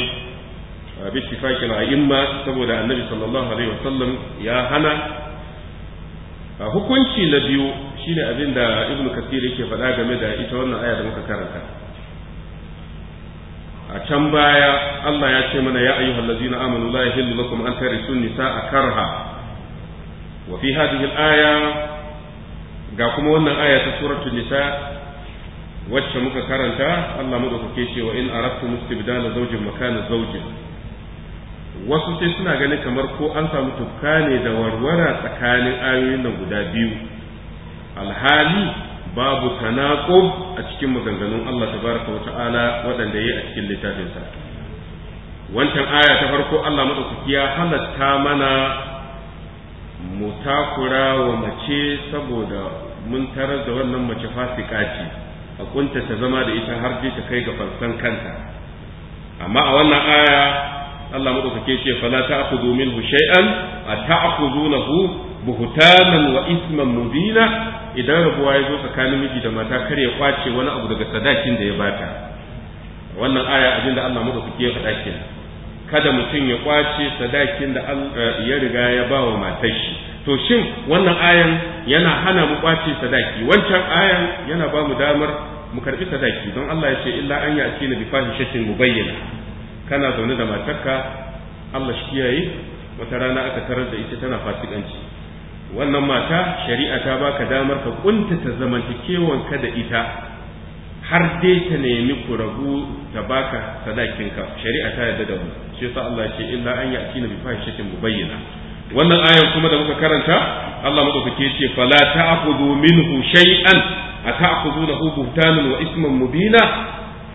Speaker 2: bi a a'imma saboda annabi sallallahu alaihi wasallam ya hana hukunci na biyu shine abin da ibnu kasir yake faɗa game da ita wannan aya da muka karanta a can baya Allah ya ce mana ya ayyuhallazina amanu la yahillu lakum an tarisu nisaa karha wa fi hadhihi al-aya ga kuma wannan aya ta suratul nisa wacce muka karanta Allah dauke shi wa in aratu mustabdala zawjin makana zawjin wasu sai suna ganin kamar ko an samu tufka da warwara tsakanin ayoyin nan guda biyu alhali babu tanaqub a cikin maganganun Allah tabaraka wa ta'ala wadanda yayi a cikin littafinsa wancan aya ta farko Allah madaukaki ya halatta mana mu takura wa mace saboda mun tarar da wannan mace fasika ce a kunta ta zama da ita har ta kai ga fansan kanta amma a wannan aya Allah madaukake ce fala ta'khudhu minhu shay'an ata'khudhunahu buhtanan wa isman mubina idan rabuwa ya zo tsakanin miji da mata kar ya kwace wani abu daga sadakin da ya bata wannan aya abinda Allah madaukake ya faɗa kenan kada mutum ya kwace sadakin da eh, ya riga ya ba wa matar shi to shin wannan ayan yana hana mu kwace sadaki wancan ayan yana ba mu damar mu karbi sadaki don Allah ya ce illa an ya ce na bi fahishatin mubayyana kana zaune da matarka Allah shi kiyaye wata rana aka tarar da ita tana fasikanci wannan mata shari'a ta baka damar ka kuntata zamantakewan ka da ita har dai ta nemi ku rabu ta baka sadakin ka, shari'a ta yarda da mu shi yasa Allah ce illa an ya'tina bi fahishatin mubayyana wannan ayar kuma da muka karanta Allah madaukake ce fala ta'khudhu minhu shay'an ata'khudhunahu buhtanan wa isman mubina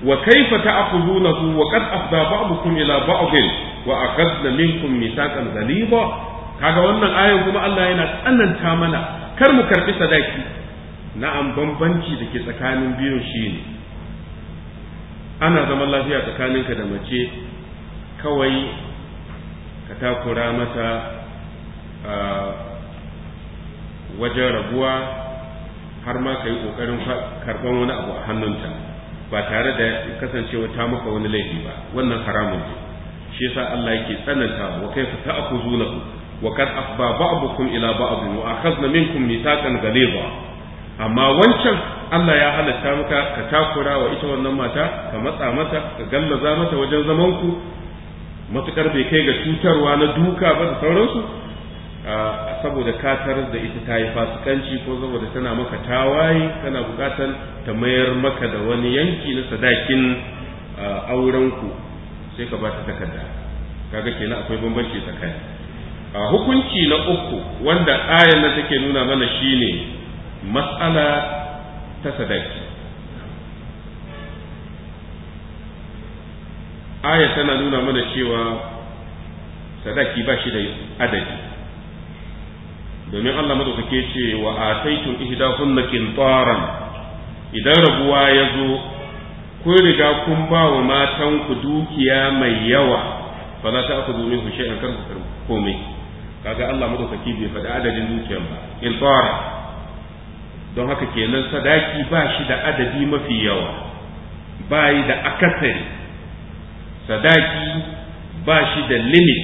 Speaker 2: wa kayfa ta'khudhunahu wa qad afda ba'dukum ila ba'din wa akhadna minkum mithaqan ghaliza kaga wannan ayar kuma Allah yana tsananta mana kar mu karbi sadaki na'am bambanci da ke tsakanin biyun shine ana zaman lafiya tsakaninka da mace kawai ka takura masa wajen rabuwa har ma ka yi ƙoƙarin karɓar wani abu a hannunta ba tare da kasancewa ta maka wani laifi ba wannan haramun ne shi yasa Allah yake tsananta wa kai zuna ku. wa kad afba ba'dukum ila ba'd wa akhadna minkum mithaqan ghaliza amma wancan Allah ya halatta maka ka takura wa ita wannan mata ka matsa mata ka gallaza mata wajen zaman ku matukar bai kai ga cutarwa na duka ba da sauransu saboda katar da ita ta yi fasikanci ko saboda tana maka tawaye kana bukatar ta mayar maka da wani yanki na sadakin aurenku sai ka ba ta takarda kaga kenan akwai bambanci tsakani a hukunci na uku wanda ayan nan take nuna mana shine matsala ta sadaki aya tana nuna mana cewa sadaki ba shi da adadi domin Allah madaukake ce wa ataitum ihdahunna qintaran idan rabuwa ya zo kun riga kun ba wa matan ku dukiya mai yawa fa za ta aku zo min hushe kan ku komai kaga Allah madaukaki bai faɗi adadin dukiyan ba qintara don haka kenan sadaki ba shi da adadi mafi yawa bayi da akasari sadaki ba shi da limit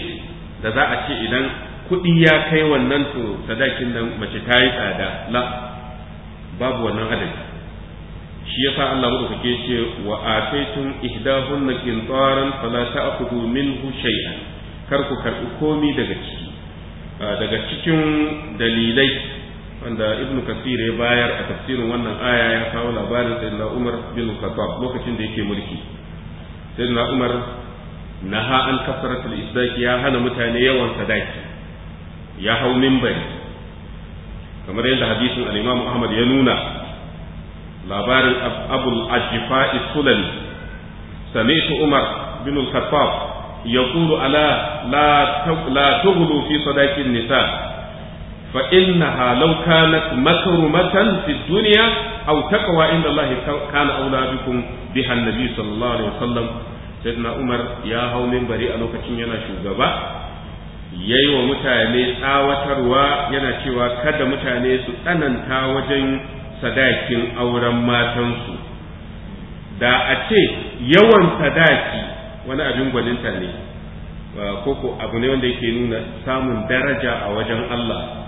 Speaker 2: da za a ce idan kuɗi ya kai wannan to sadakin nan mace ta yi tsada la babu wannan adadi shi yasa Allah mu madaukake ce wa ihdahun nakin qintaran fala ta'khudhu minhu shay'an kar ku karbi komi daga ciki ah, daga cikin dalilai wanda ibnu kasir ya bayar a tafsirin wannan aya ya kawo labarin sayyidina Umar bin Khattab lokacin da yake mulki sayyidina umar naha an kasaratul isdaki ya hana mutane yawan sadaki ya hau minbari kamar yadda hadisin al-imam ya nuna labarin abul ajifa'i sulali sami'tu umar bin al-khattab yaqulu ala la la tughlu fi sadaqi an-nisa fa innaha law kanat makrumatan fi dunya aw taqwa inda Allah kana aula bikum biha sallallahu alaihi wasallam sayyidina Umar ya hau minbari a lokacin yana shugaba yayi wa mutane tsawatarwa yana cewa kada mutane su tsananta wajen sadakin auren matansu da a ce yawan sadaki wani abin gwalinta ne ko ko abu ne wanda yake nuna samun daraja a wajen Allah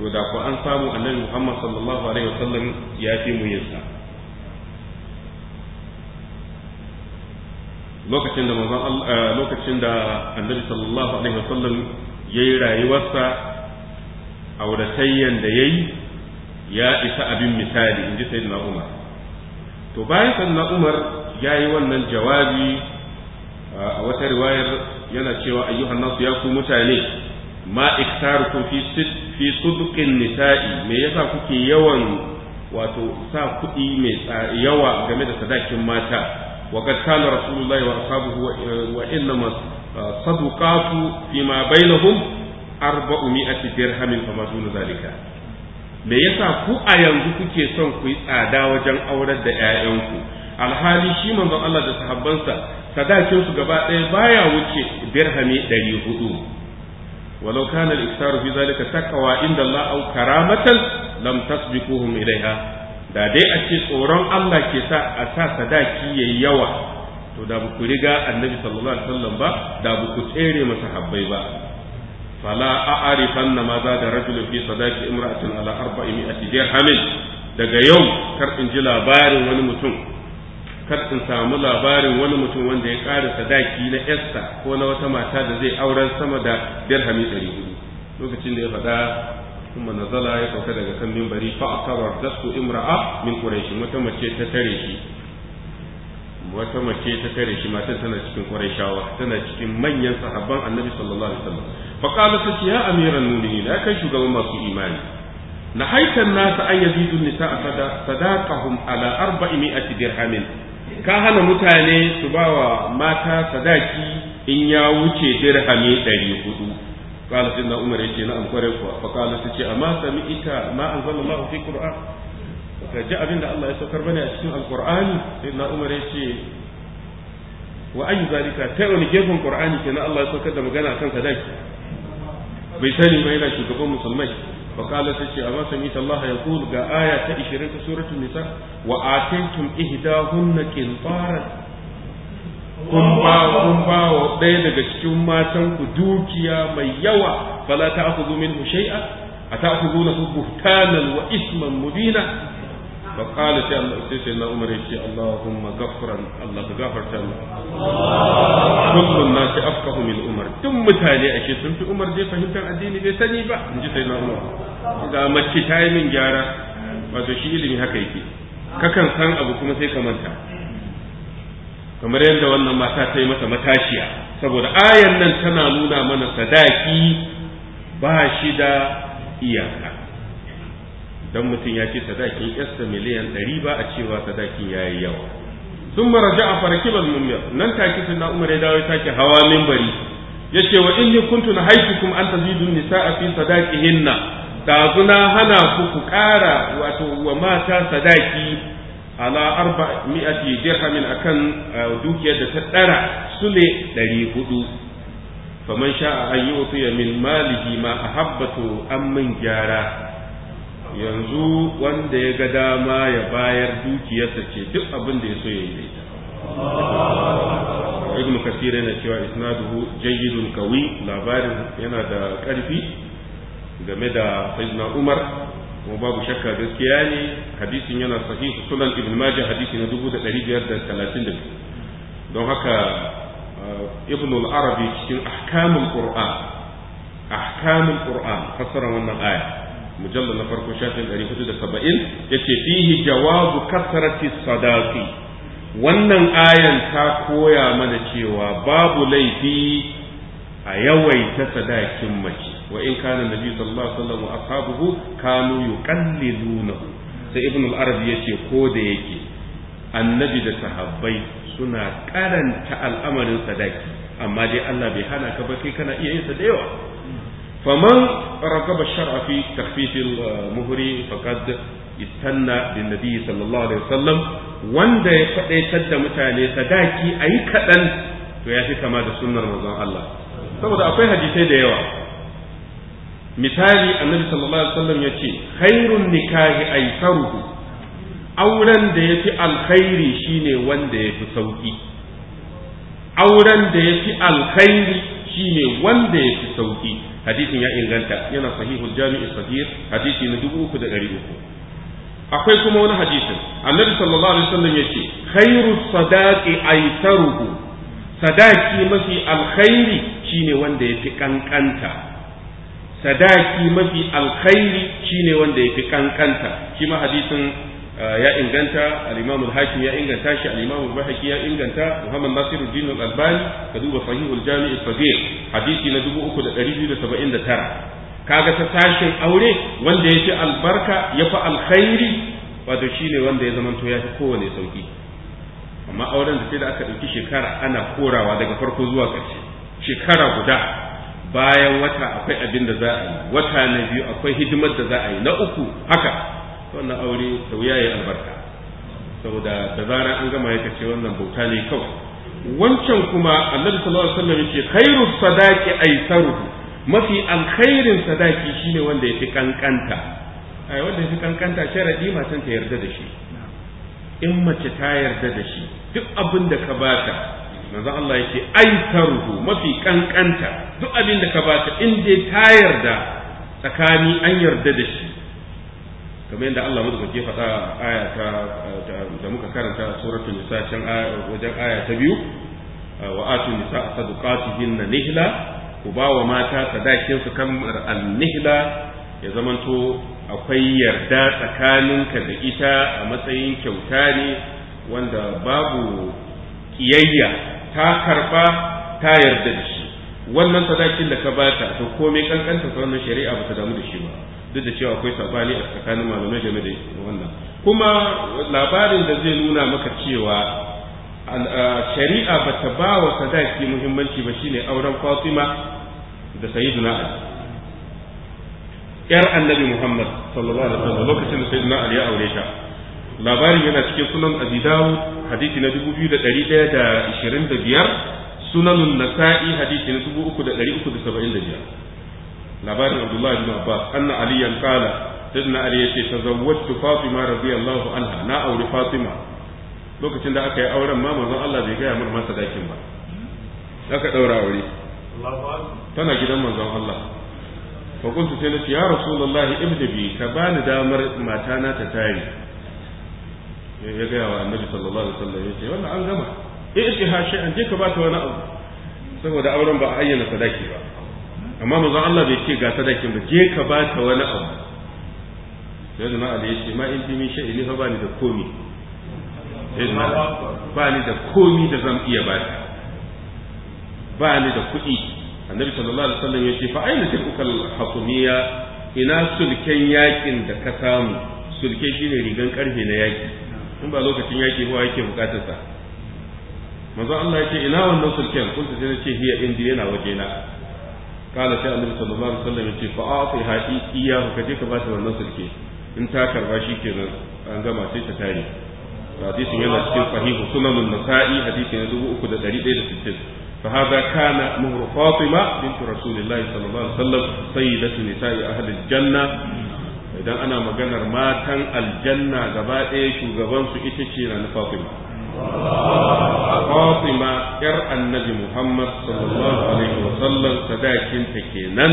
Speaker 2: to da ku an samu annabi Muhammad sallallahu alaihi wasallam ya fi mu yin sa lokacin da manzon eh, lokacin da annabi sallallahu alaihi wasallam yayi rayuwarsa auratayyan da yayi ya isa abin misali inji sayyidina Umar to bayan sayyidina Umar yayi wannan jawabi eh, a wata riwayar yana cewa ayyuhan nasu ya ku mutane ma iktarukum fi fi suduqin nisa'i me yasa kuke yawan wato sa kuɗi mai yawa game da sadakin mata wa kad kana rasulullahi wa ashabuhu wa innama uh, sadaqatu fi ma bainahum 400 mi'ati dirhamin fa madun zalika me yasa ku a yanzu kuke son ku yi tsada wajen aurar da 'ya'yanku alhali shi manzon Allah da sahabbansa sadakin su gaba ɗaya baya wuce dirhami 400 ولو كان الإكثار في ذلك تقوى عند الله أو كرامة لم تسبقوهم إليها da dai a ce tsoron Allah ke sa a sa sadaki yayi yawa to da ku riga annabi sallallahu alaihi wasallam ba da ku tsere masa habbai ba fala a'rifanna ma za da rajul fi sadaki imra'atin ala 400 dirhamin daga yau kar in ji labarin wani mutum kar in samu labarin wani mutum wanda ya ƙara sadaki na esta ko na wata mata da zai auren sama da dirhami ɗari hudu lokacin da ya faɗa kuma nazala ya sauka daga kan mimbari fa akarar dasu imra'a min quraish wata mace ta tare shi wata mace ta tare shi matan tana cikin quraishawa tana cikin manyan sahabban annabi sallallahu alaihi wasallam fa ta ya amiran mu'minin ya kai shugaban masu imani Na نهيت الناس أن يزيدوا النساء صداقهم على أربعمائة درهم ka hana mutane su ba wa mata sadaki in ya wuce dirhami ɗari hudu kala sai na umar yake na amfare kuwa fa kala ce ce amma sami ita ma anzalallahu fi qur'an ka ji abin da Allah ya saukar bane a cikin alqur'ani sai na umar yake wa ayu zalika ta wani gefen qur'ani kenan Allah ya saukar da magana akan sadaki bai sani ba yana shugaban musulmai فقال تشي أما سميت الله يقول قا آية إشرين سورة النساء وآتيتم إهداهن قنطارا
Speaker 3: kun ba kun ba wa ɗaya
Speaker 2: daga cikin matan ku dukiya mai yawa fala ta aku zo min shay'a a ta aku zo na su buhtanan wa isman mubina fa qala sai Allah sai sai na umar yace Allahumma ghafran Allah ka gafarta mu kullu nas afqahu min umar tun mutane ake sun fi umar dai fahimtar addini bai sani ba inji sai na umar ga mace ta yi min gyara wato shi ilimi haka yake kakan san abu kuma sai ka manta kamar yadda wannan mata ta yi masa matashiya saboda ayan nan tana nuna mana sadaki ba shi da iyaka dan mutum ya ce sadakin yasta miliyan ɗari ba a cewa sadakin ya yi yawa sun maraja a farakibal mummiyar nan take sun umar ya dawo ya take hawa mimbari ya ce wa inni kuntu na kuma an tazidun a fi hinna dazu na hana ku ku ƙara wato wa mata sadaki ala arba mi'ati dirhamin akan eh, dukiyar da ta ɗara sule ɗari hudu faman sha'a an yi ya min malihi ma ahabbatu an min gyara yanzu wanda ya ga dama ya bayar dukiyarsa ce duk abin da ya so ya yi ita ibn kasir yana cewa isnaduhu jayyidun kawi labarin yana da ƙarfi game da sayyidina umar kuma babu shakka gaskiya ne hadisin yana sahihu sunan ibn majah hadisi na 1532 don haka eh, ibn al-arabi cikin ahkamul qur'an ahkamul qur'an fassara wannan aya mujallal na farko shafin 470 yace fihi jawabu kasrati sadaqi wannan ayan ta koya mana cewa babu laifi a yawaita sadakin mace wa in kana nabi sallallahu alaihi wasallam wa ashabuhu kanu yuqallilunahu sai ibn al-arabi yace ko da yake annabi da sahabai suna karanta al'amarin sadaki amma dai Allah bai hana ka ba kai kana iya yin sa da yawa faman ragaba shar'a fi takhfif al-muhri faqad istanna sallallahu alaihi wasallam wanda ya fadaitar da mutane sadaki ayi kaɗan. to ya fi kama da sunnar manzon Allah saboda akwai hadisai da yawa misali annabi sallallahu alaihi wasallam yace khairun nikahi aisaruhu auren da yafi alkhairi shine wanda yafi sauki auren da yafi alkhairi shine wanda yafi sauki hadisin ya inganta yana sahihul jami'i sahih hadisi na 3300 akwai kuma wani hadisin annabi sallallahu alaihi wasallam yace khairu sadaqi aisaruhu sadaki mafi alkhairi shine wanda yafi kankanta sadaki mafi alkhairi shine wanda yafi kankanta shi ma hadisin uh, ya inganta al-Imam al-Hakim ya inganta shi al-Imam al-Bahaki ya inganta Muhammad Nasiruddin al-Albani ka duba Sahih al-Jami' al-Saghir hadisi na 3279 kaga ta tashin aure wanda yafi albarka yafi alkhairi wato shine wanda ya zamanto yafi kowane sauki amma auren da sai da aka dauki shekara ana korawa daga farko zuwa ƙarshe shekara guda bayan wata akwai abin da za a yi wata na biyu akwai hidimar da za a yi na uku haka wannan aure da wuya ya albarka saboda da zarar an gama yaka ce wannan bauta ne kawai wancan kuma annabi sallallahu alaihi wasallam yace khairu sadaqi aisaru mafi alkhairin sadaki shine wanda yafi kankanta ai wanda yafi kankanta sharadi matan ta yarda da shi in mace ta yarda da shi duk abin da ka bata manzo Allah yake aitaru mafi kankanta duk abin da ka bata in dai ta yarda tsakani an yarda da shi kamar yadda Allah madaukake ya faɗa aya ta da muka karanta a suratul nisa can wajen aya ta biyu wa atu nisa sadqatihin nihla ku ba wa mata sadakin su kamar al-nihla ya zamanto akwai yarda tsakaninka da ita a matsayin kyauta ne wanda babu kiyayya ta karba ta yarda da shi wannan sadakin da ka bata to komai kankanta sanin shari'a ba ta damu da shi ba duk da cewa akwai sabani a tsakanin malamai game da wannan kuma labarin da zai nuna maka cewa shari'a ba ta ba wa sadaki muhimmanci ba shine auren Fatima da Sayyiduna Ali yar annabi Muhammad sallallahu alaihi wasallam lokacin da Sayyiduna Ali ya aure ta labarin yana cikin sunan abi dawud hadisi na dubu da biyar sunanun nasa'i hadisi na biyar. labarin abdullahi bin abbas anna aliyan qala sayyidina ali yace tazawwajtu fatima radiyallahu anha na aure fatima lokacin da aka yi auren ma manzon Allah bai gaya mana masa dakin ba aka daura aure tana gidan manzon Allah fa kuntu sai nace ya rasulullahi ibni bi ka bani damar matana ta tare ya gaya wa annabi sallallahu alaihi wasallam yace wannan an gama eh ishi ha shi an je ka ba ta wani abu saboda auren ba a ayyana sadaki ba amma zan Allah bai ce ga sadakin ba je ka ba ta wani abu sai da Ali ya ce ma in bi min sha'i ni fa bani da komi
Speaker 3: sai da bani da
Speaker 2: komi da zan iya ba ta bani da kuɗi annabi sallallahu alaihi wasallam yace fa aina tilkal hasumiya ina sulken yakin da ka samu sulke shine rigan karfe na yaki in ba lokacin yaki ba yake bukatar sa manzo Allah yake ina wannan sulken kun jira ce hiya indi yana waje na kala sai annabi sallallahu alaihi wasallam yace fa a'ti iya iyahu kaje ka ba ta wannan sulke in ta karba shi kenan an gama sai ta tare hadisin yana cikin sahihu an nasa'i hadisi na 3160 fa كان kana فاطمة fatima bint rasulillahi sallallahu alaihi wasallam sayyidatu nisa'i ahli أهل janna. idan ana maganar matan aljanna gaba ɗaya shugabansu ita ce na Fatima Fatima ‘yar annabi Muhammad sallallahu Alaihi wa sadakin ta kenan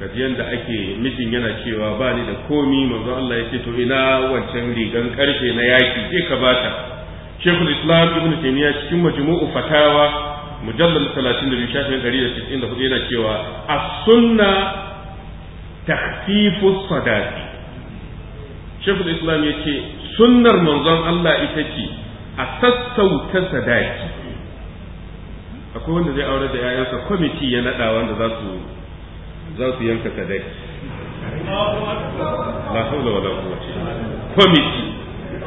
Speaker 2: gajiyan da ake mijin yana cewa ba ni da komi manzo Allah ya ce to ina wancan rigan karfe na yaki je ka bata Sheikhul Islam Ibn Taymiyyah cikin majmu'u fatawa mujallal 32 shafin 194 yana cewa as-sunna takhfifus sadaqi shekul islam ya ce sunnar manzon Allah ita ce a sassauta sadaki akwai wanda zai aure da 'ya'yansa kwamiti ya naɗa wanda za su za su yanka sadaki
Speaker 3: la haula wala quwwata
Speaker 2: kwamiti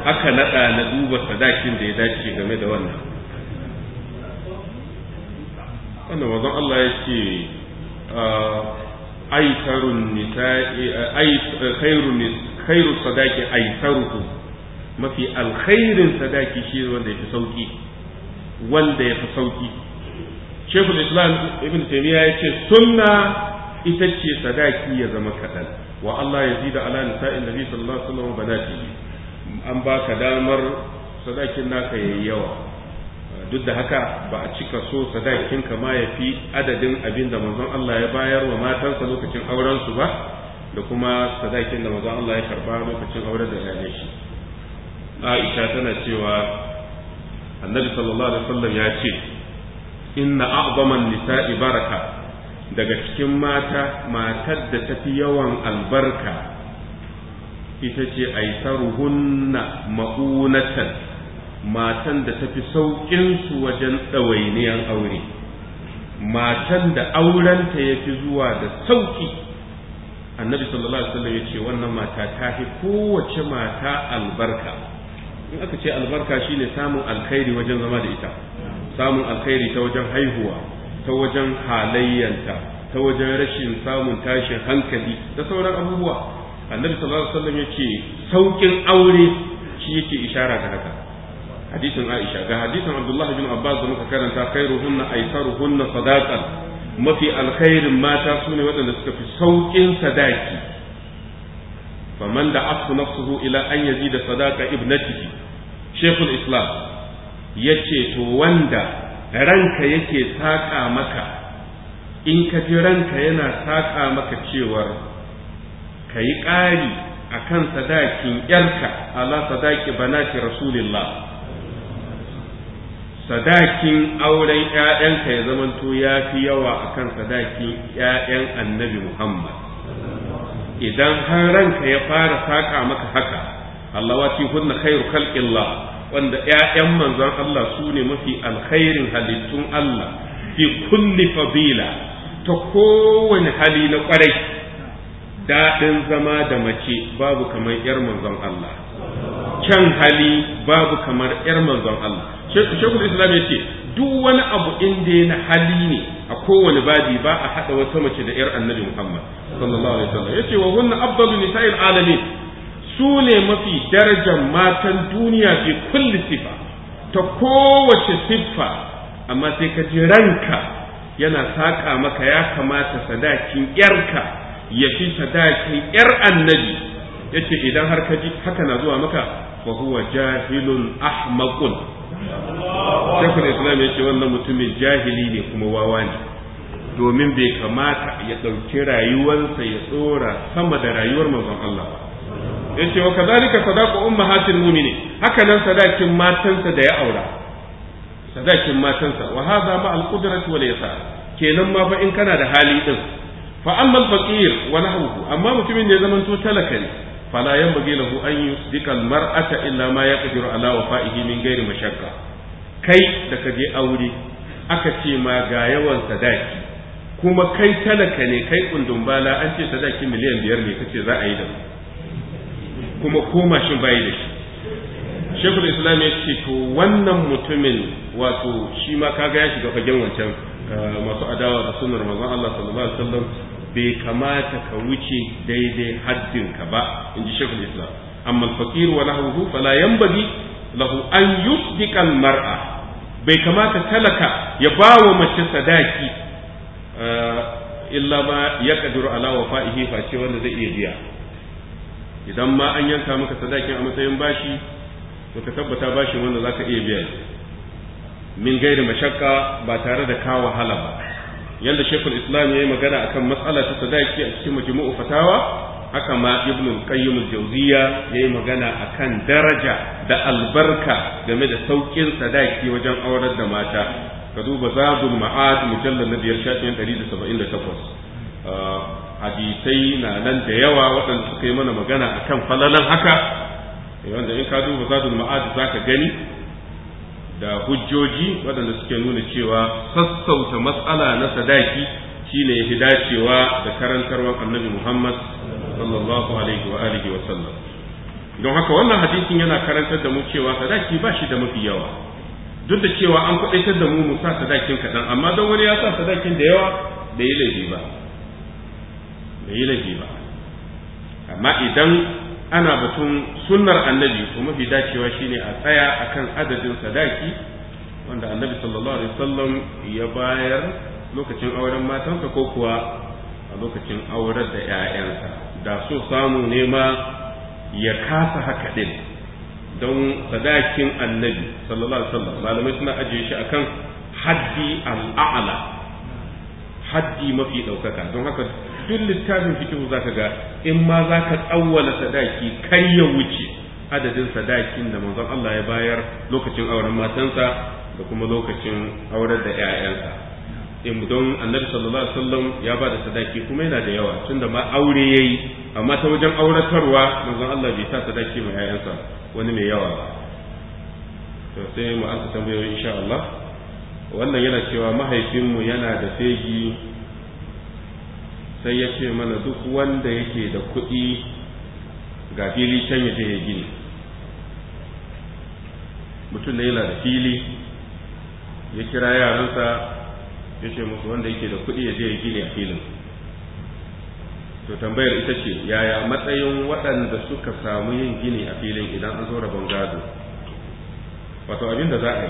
Speaker 2: aka naɗa na duba sadakin da ya dace game da wannan wannan wazan Allah ya ce khairu sadaki sadaqi aisaruhu mafi alkhairin sadaki shi wanda fi sauki wanda fi sauki Sheikhul Islam Ibn ya yace sunna ita ce sadaki ya zama kadan wa Allah ya zida ala nisa'in nabi sallallahu alaihi wasallam banati an baka damar sadakin naka yayi yawa duk da haka ba a cika so sadakin kama ya fi adadin abin da manzon Allah ya bayar wa matansa lokacin aurensu ba da kuma sadakin da manzon Allah ya karba lokacin auren da ya shi Aisha tana cewa Annabi sallallahu alaihi wasallam ya ce inna an nisa'i baraka daga cikin mata matar da ta fi yawan albarka ita ce aisaruhunna ma'unatan matan da ta tafi sauƙinsu wajen ɗawainiyan aure matan da aurenta ya fi zuwa da sauƙi annabi sallallahu alaihi wasallam ya ce wannan mata ta fi kowace mata albarka in aka ce albarka shine samun alkhairi wajen zama da ita samun alkhairi ta wajen haihuwa ta wajen halayyanta ta wajen rashin samun tashin hankali da sauran abubuwa annabi sallallahu alaihi wasallam ya ce sauƙin aure shi yake ishara da haka hadisin Aisha ga hadisin Abdullah bin Abbas da muka karanta khairuhunna aisaruhunna sadaqan mafi alkhairin mata sune waɗanda suka fi saukin sadaki faman da afu nafsuhu ila an yazida sadaqa ibnatihi shaykhul islam yace to wanda ranka yake saka maka in ka ji ranka yana saka maka cewar ka yi ƙari a kan sadakin ‘yarka ala sadaki banati rasulillah sadakin auren ‘ya'yanka ya zamanto ya fi yawa a kan sadakin ‘ya'yan annabi Muhammad. Idan har ranka ya fara saƙa maka haka, Allah wace kairu khairu khalqillah wanda ‘ya'yan manzon Allah su ne mafi alkhairin halittun Allah fi kulli fadila ta kowane hali na ƙwarai. Daɗin zama da mace babu kamar ‘yar manzon Allah, kyan hali babu kamar ‘yar manzon Allah. shekul islam ya ce duk wani abu inda yana hali ne a kowane badi ba a haɗa wata mace da 'yar annabi muhammad sallallahu alaihi wasallam ya ce wa hunna abdalu nisa'il alamin su ne mafi darajar matan duniya fi kulli sifa ta kowace siffa amma sai ka ji ranka yana saƙa maka ya kamata sadakin 'yarka ya fi sadakin 'yar annabi ya ce idan har ka ji haka na zuwa maka fa huwa jahilun ahmaqun shekul islam ya ce wannan mutumin jahili ne kuma wawa ne domin bai kamata ya ɗauki rayuwarsa ya tsora sama da rayuwar manzon Allah ba ya ce wa kazalika sadaku mumi ne haka nan sadakin matansa da ya aura sadakin matansa wa hadha ma al wal yasa kenan ma fa in kana da hali ɗin. fa amma al faqir wa nahwuhu amma mutumin ne zamanto talaka ne fala yanbaghi lahu an yusdika almar'ata illa ma yaqdiru ala wafa'ihi min ghairi mashakka kai da ka je aure aka ce ma ga yawan sadaki kuma kai talaka ne kai kundumbala an ce sadaki miliyan biyar ne kace za a yi da kuma koma shi bayi da shi Shekaru islam ya ce to wannan mutumin wato shi ma kaga ya shiga fagen wancan eh, masu adawa da sunar manzon Allah sallallahu alaihi wasallam bai kamata ka wuce daidai haddinka ba in ji shekul islam amma fakir wa lahu fala yanbaghi lahu an yusdika mar'a bai kamata talaka ya ba mace sadaki eh, illa ma ya kadiru ala wafa'ihi face wanda zai iya biya idan ma an yanka maka sadakin a matsayin bashi to ka tabbata bashi wanda zaka iya biya min gairi mashakka ba tare da ka wahala ba yadda shekul islam ya yi magana akan matsala ta sadaki a cikin majmu'u fatawa haka ma ibnul qayyim al ya yayi magana akan daraja da albarka game da saukin sadaki wajen aurar da mata ka duba zabul ma'ad mujallal na biyar shafin 178 ah, hadisai na nan da yawa waɗanda suka yi mana magana akan falalan haka eh, wanda in ka duba zadul ma'ad zaka gani da hujjoji waɗanda suke nuna cewa sassauta matsala na sadaki shine ya fi dacewa da karantarwar annabi Muhammad sallallahu alaihi wa alihi wa sallam don haka wannan hadisin yana karantar da mu cewa sadaki ba shi da mafi yawa duk da cewa an kuɗaitar da mu mu sa sadakin kaɗan amma don wani ya sa sadakin da yawa bai yi laifi ba yi laifi ba amma idan ana batun sunnar annabi ko mafi dacewa shine a tsaya akan adadin sadaki wanda annabi sallallahu alaihi wasallam ya bayar lokacin auren matansa ko kuwa a lokacin auren da 'ya'yansa da so samu ne ma ya kasa haka din don sadakin annabi sallallahu alaihi wasallam malamai suna ajiye shi akan haddi al'a'la haddi mafi ɗaukaka don haka duk littafin fikihu ka ga in ma za ka tsawwala sadaki kai ya wuce adadin sadakin da manzon Allah ya bayar lokacin auren matansa da kuma lokacin aurar da 'ya'yansa in don annabi sallallahu alaihi wasallam ya bada sadaki kuma yana da yawa tunda ma aure yayi amma ta wajen auratarwa manzon Allah bai sa sadaki ma 'ya'yansa wani mai yawa ba to sai mu amsa tambayoyi insha Allah wannan yana cewa mahaifinmu yana da fegi sai ya ce mana duk wanda yake da kuɗi ga fili can ya je ya gini mutum da yana da fili ya kira yaransa ya ce musu wanda yake da kuɗi ya je ya gini a filin to tambayar ita ce yaya matsayin waɗanda suka samu yin gini a filin idan an zo rabon gado wato abin da za a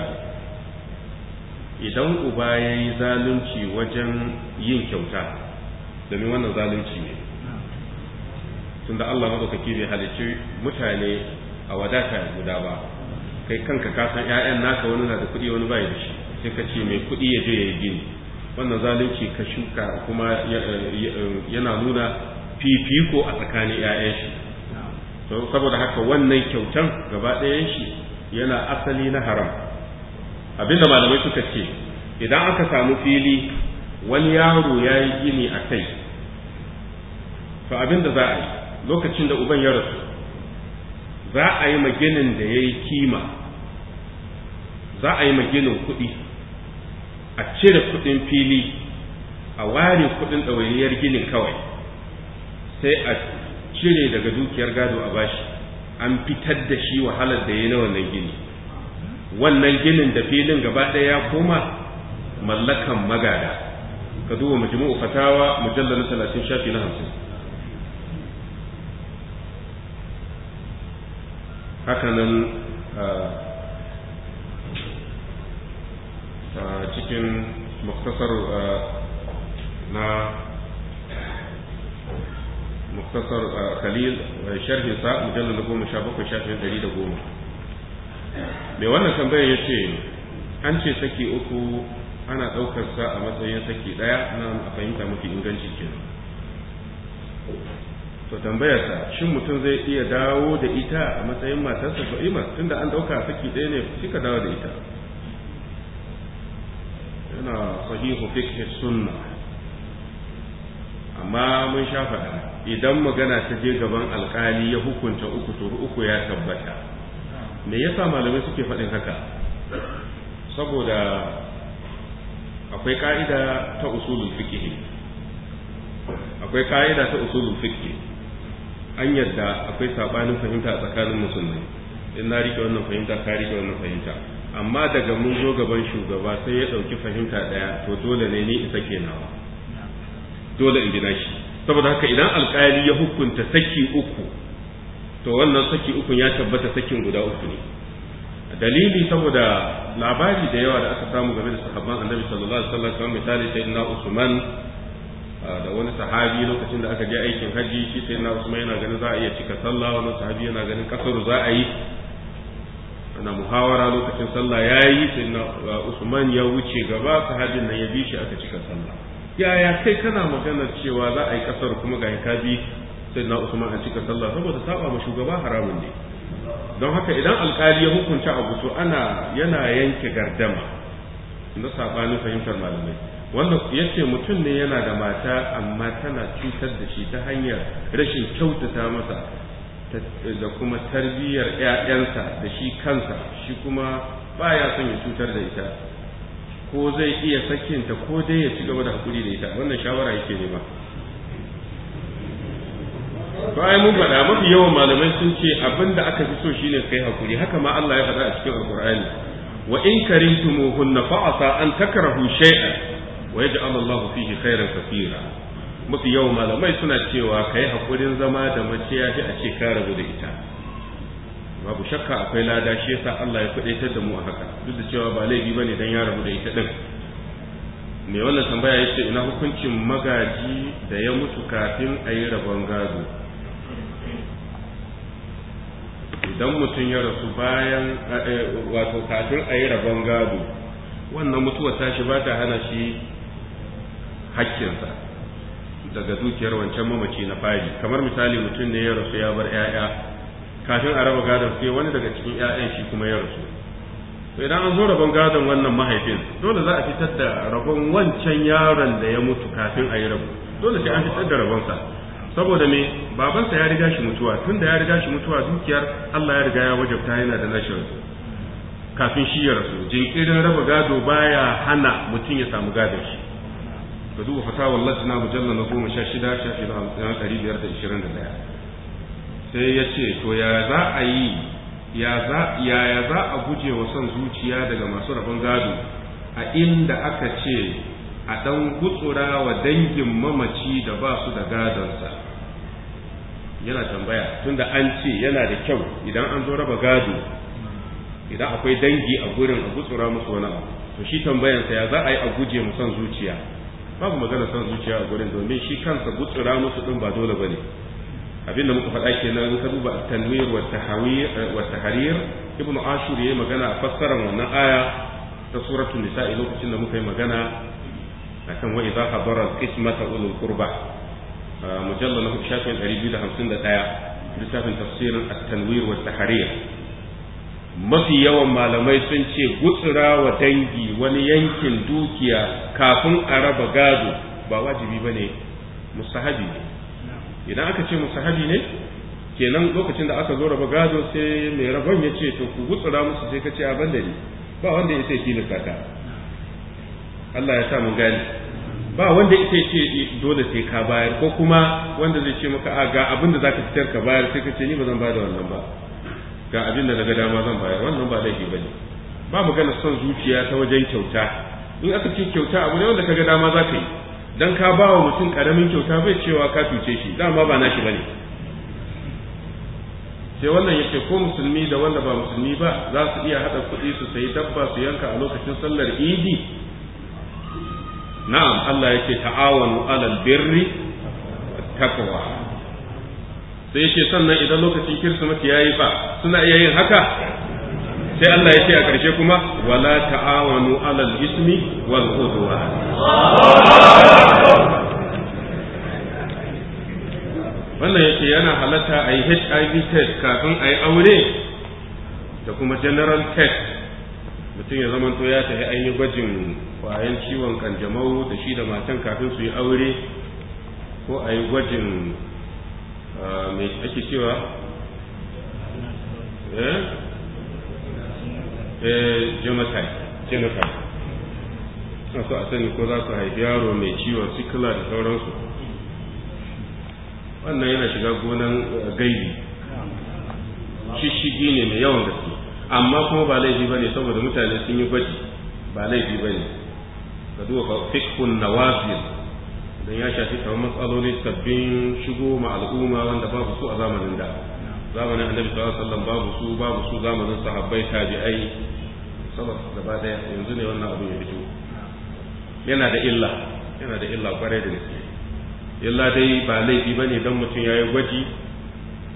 Speaker 2: yi idan uba ya yi zalunci wajen yin kyauta domin wannan zalunci ne tunda Allah madaukaki ne halicci mutane a wadata guda ba kai kanka ka san ƴaƴan naka wani na da kuɗi wani bai da shi sai ka ce mai kuɗi ya je ya yi gini wannan zalunci ka shuka kuma yana nuna fifiko a tsakanin 'ya'yan shi saboda haka wannan kyautan gaba ɗayan shi yana asali na haram abinda malamai suka ce idan aka samu fili wani yaro ya yi gini a kai to abin da za a yi lokacin da uban ya rasu za a yi maginin da ya yi kima za a yi maginin kuɗi a cire kuɗin fili a ware kuɗin ɗawainiyar ginin kawai sai a cire daga dukiyar gado a bashi an fitar da shi wahalar da ya na wannan gini wannan ginin da filin gaba ɗaya ya koma mallakan magada ka duba majmu'u fatawa mujallal 30 shafi na 50 hakanan cikin muktasar na muktasar khalil sharhin sa mujallar da goma sha bakwai shafin ɗari da goma mai wannan tambayar ya ce an ce saki uku ana ɗaukar sa a matsayin saki ɗaya na a fahimta mafi inganci kenan to tambayarsa shin mutum zai iya dawo da ita a matsayin matarsa ko ima tunda an dauka saki ɗaya ne suka dawo da ita yana sahihu fiqh sunna amma mun sha faɗa idan magana ta je gaban alƙali ya hukunta uku turu uku ya tabbata me yasa malamai suke faɗin haka saboda akwai ka'ida ta usulul fiqh akwai ka'ida ta usulul fiqh an yarda akwai sabanin fahimta a tsakanin musulmai in na rike wannan fahimta ka rike wannan fahimta amma daga mun zo gaban shugaba sai ya dauki fahimta daya to dole ne ni isa kenawa dole in gina shi saboda haka idan alkali ya hukunta saki uku to wannan saki uku ya tabbata sakin guda uku ne dalili saboda labari da yawa da aka samu game da sahabban annabi sallallahu alaihi wasallam kamar misali sayyidina usman Ah, da wani sahabi lokacin da aka je aikin haji shi sai na usman yana ganin za a iya cika sallah wani sahabi yana ganin kasar za a yi ana muhawara lokacin sallah ya yi sai na ah, usman ya wuce gaba sahabin nan ya bi shi aka cika sallah yaya kai kana maganar cewa za a yi kasar kuma ga ka bi sai na usman a cika sallah saboda saba ma shugaba haramun ne don haka idan alkali ya hukunta abu to ana yana yanke gardama na sabanin fahimtar malamai wanda ya ce mutum ne yana da mata amma tana cutar da shi ta hanyar rashin kyautata masa da kuma tarbiyyar 'ya'yansa da shi kansa shi kuma ba ya son ya cutar da ita ko zai iya sakinta ko dai ya ci gaba da haƙuri da ita wannan shawara yake nema bayan mun faɗa mafi yawan malamai sun ce abin da aka fi so shine kai hakuri haka ma Allah ya faɗa a cikin alkur'ani wa in karimtumuhunna fa'asa an takrahu shay'an wa yaj'al Allahu fihi khairan kafira mafi yawan malamai suna cewa kai hakurin zama da mace ya ji a ce ka rabu da ita
Speaker 1: babu shakka akwai lada shi yasa Allah ya kudaitar da mu a haka duk da cewa ba laifi bane dan
Speaker 2: ya rabu da ita din me wannan tambaya yace ina hukuncin magaji da ya mutu kafin a yi rabon gado idan mutum ya rasu bayan eh, wato kafin a yi rabon gado wannan mutuwar tashi ba ta hana shi hakkinsa daga dukiyar wancan mamaci na fari kamar misali mutum ne ya rasu ya bar 'ya'ya kafin a raba gadon sai wani daga cikin 'ya'yan shi kuma ya rasu to idan an zo rabon gadon wannan mahaifin dole za a fitar da rabon wancan yaron da ya mutu kafin a yi rabu dole sai an fitar da rabonsa saboda me babansa ya riga shi mutuwa tun da ya riga shi mutuwa dukiyar Allah ya riga ya wajabta yana da nashin kafin shi ya rasu jinkirin raba gado baya hana mutum ya samu gadon shi ka duba fatawar lajina mujallar na goma sha shida shafi na ɗari biyar da ishirin da ɗaya sai ya ce to ya za a yi yaya za a guje wa son zuciya daga masu rabon gado a inda aka ce a ɗan gutsura wa dangin mamaci da ba su da gadonsa yana tambaya tunda an ce yana da kyau idan an zo raba gado idan akwai dangi a gurin a gutsura musu wani abu to shi tambayansa ya za a yi a guje mu son zuciya babu magana san zuciya a gurin domin shi kansa gutsura musu din ba dole bane abin da muka faɗa kenan in ka duba tanwir wa tahawir eh, wa tahrir ibnu ashur yayi magana a fassarar wannan aya ta suratul nisa'i lokacin da muka yi magana akan wa idza habara qismata ulul qurba mujallal na 251 littafin tafsirin at-tanwir wa tahrir mafi yawan malamai sun ce gutsura wa dangi wani yankin dukiya kafin a raba gado ba wajibi ba ne musahabi ne idan aka ce musahabi ne kenan lokacin da aka zo raba gado sai mai rabon ya ce to ku gutsura musu sai ka ce a banda ne ba wanda ya sai tilasta ka Allah ya sa mu gani ba wanda ya ce dole sai ka bayar ko kuma wanda zai ce maka a ga abin da zaka fitar ka bayar sai ka ce ni ba zan ba da wannan ba ga abin da daga dama zan bayar wannan ba laifi bane ba magana son zuciya ta wajen kyauta in aka ce kyauta abu ne wanda kaga dama za ka yi dan ka ba wa mutum karamin kyauta bai cewa ka cuce shi dama ba nashi ne. sai wannan yake ko musulmi da wanda ba musulmi ba za su iya haɗa kuɗi su sayi dabba su yanka a lokacin sallar idi na'am Allah yake ta'awanu alal birri takwa sai ce sannan idan lokacin kirsimeti ya yi fa suna iya yin haka sai Allah ya ce a ƙarshe kuma wala ta'awanu alal ismi wal udwan wannan yake yana halatta a yi HIV test kafin a yi aure da kuma general test mutum ya zama to ya ta yi yi gwajin kwayan ciwon kanjamau da shi da matan kafin su yi aure ko a yi gwajin Ah, mai ake cewa eh? eh, genotype genotype suna so a sani ko za su haifi yaro mai ciwon sikila da sauransu wannan yana shiga gonan eh, gaibi shishigi ne mai yawan gaske amma kuma ba laifi ba ne saboda mutane sun yi gwaji ba laifi ba ne ka duwa fikhun nawazil don ya shafi kamar matsaloli sabbin shigo ma al'umma wanda babu su a zamanin da zamanin annabi sallallahu alaihi wasallam babu su babu su zamanin sahabbai tabi'ai sabab gaba daya yanzu ne wannan abin ya fito yana da illa yana da illa kware da gaske illa dai ba laifi bane dan mutum yayi gwaji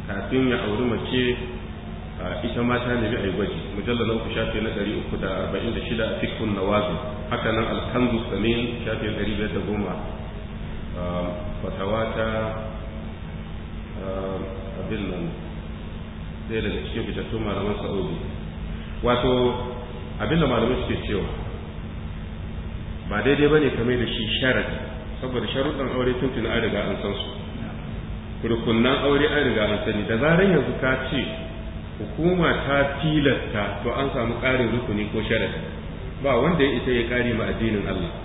Speaker 2: kafin ya auri mace ita ma ta nemi ayi gwaji mujallal uku shafi na 346 fikun nawazi haka nan al-kanzu samin shafi 510 fatawata ta abin nan ɗaya daga cikin fitattun malaman sa'udi wato abin da malamai suke cewa ba daidai ba ne kame da shi sharadi saboda sharuɗan aure tuntun an riga an san su rukunan aure an riga an sani da zarar yanzu ka ce hukuma ta tilasta to an samu ƙarin rukuni ko sharadi ba wanda ya isa ya ƙari ma addinin Allah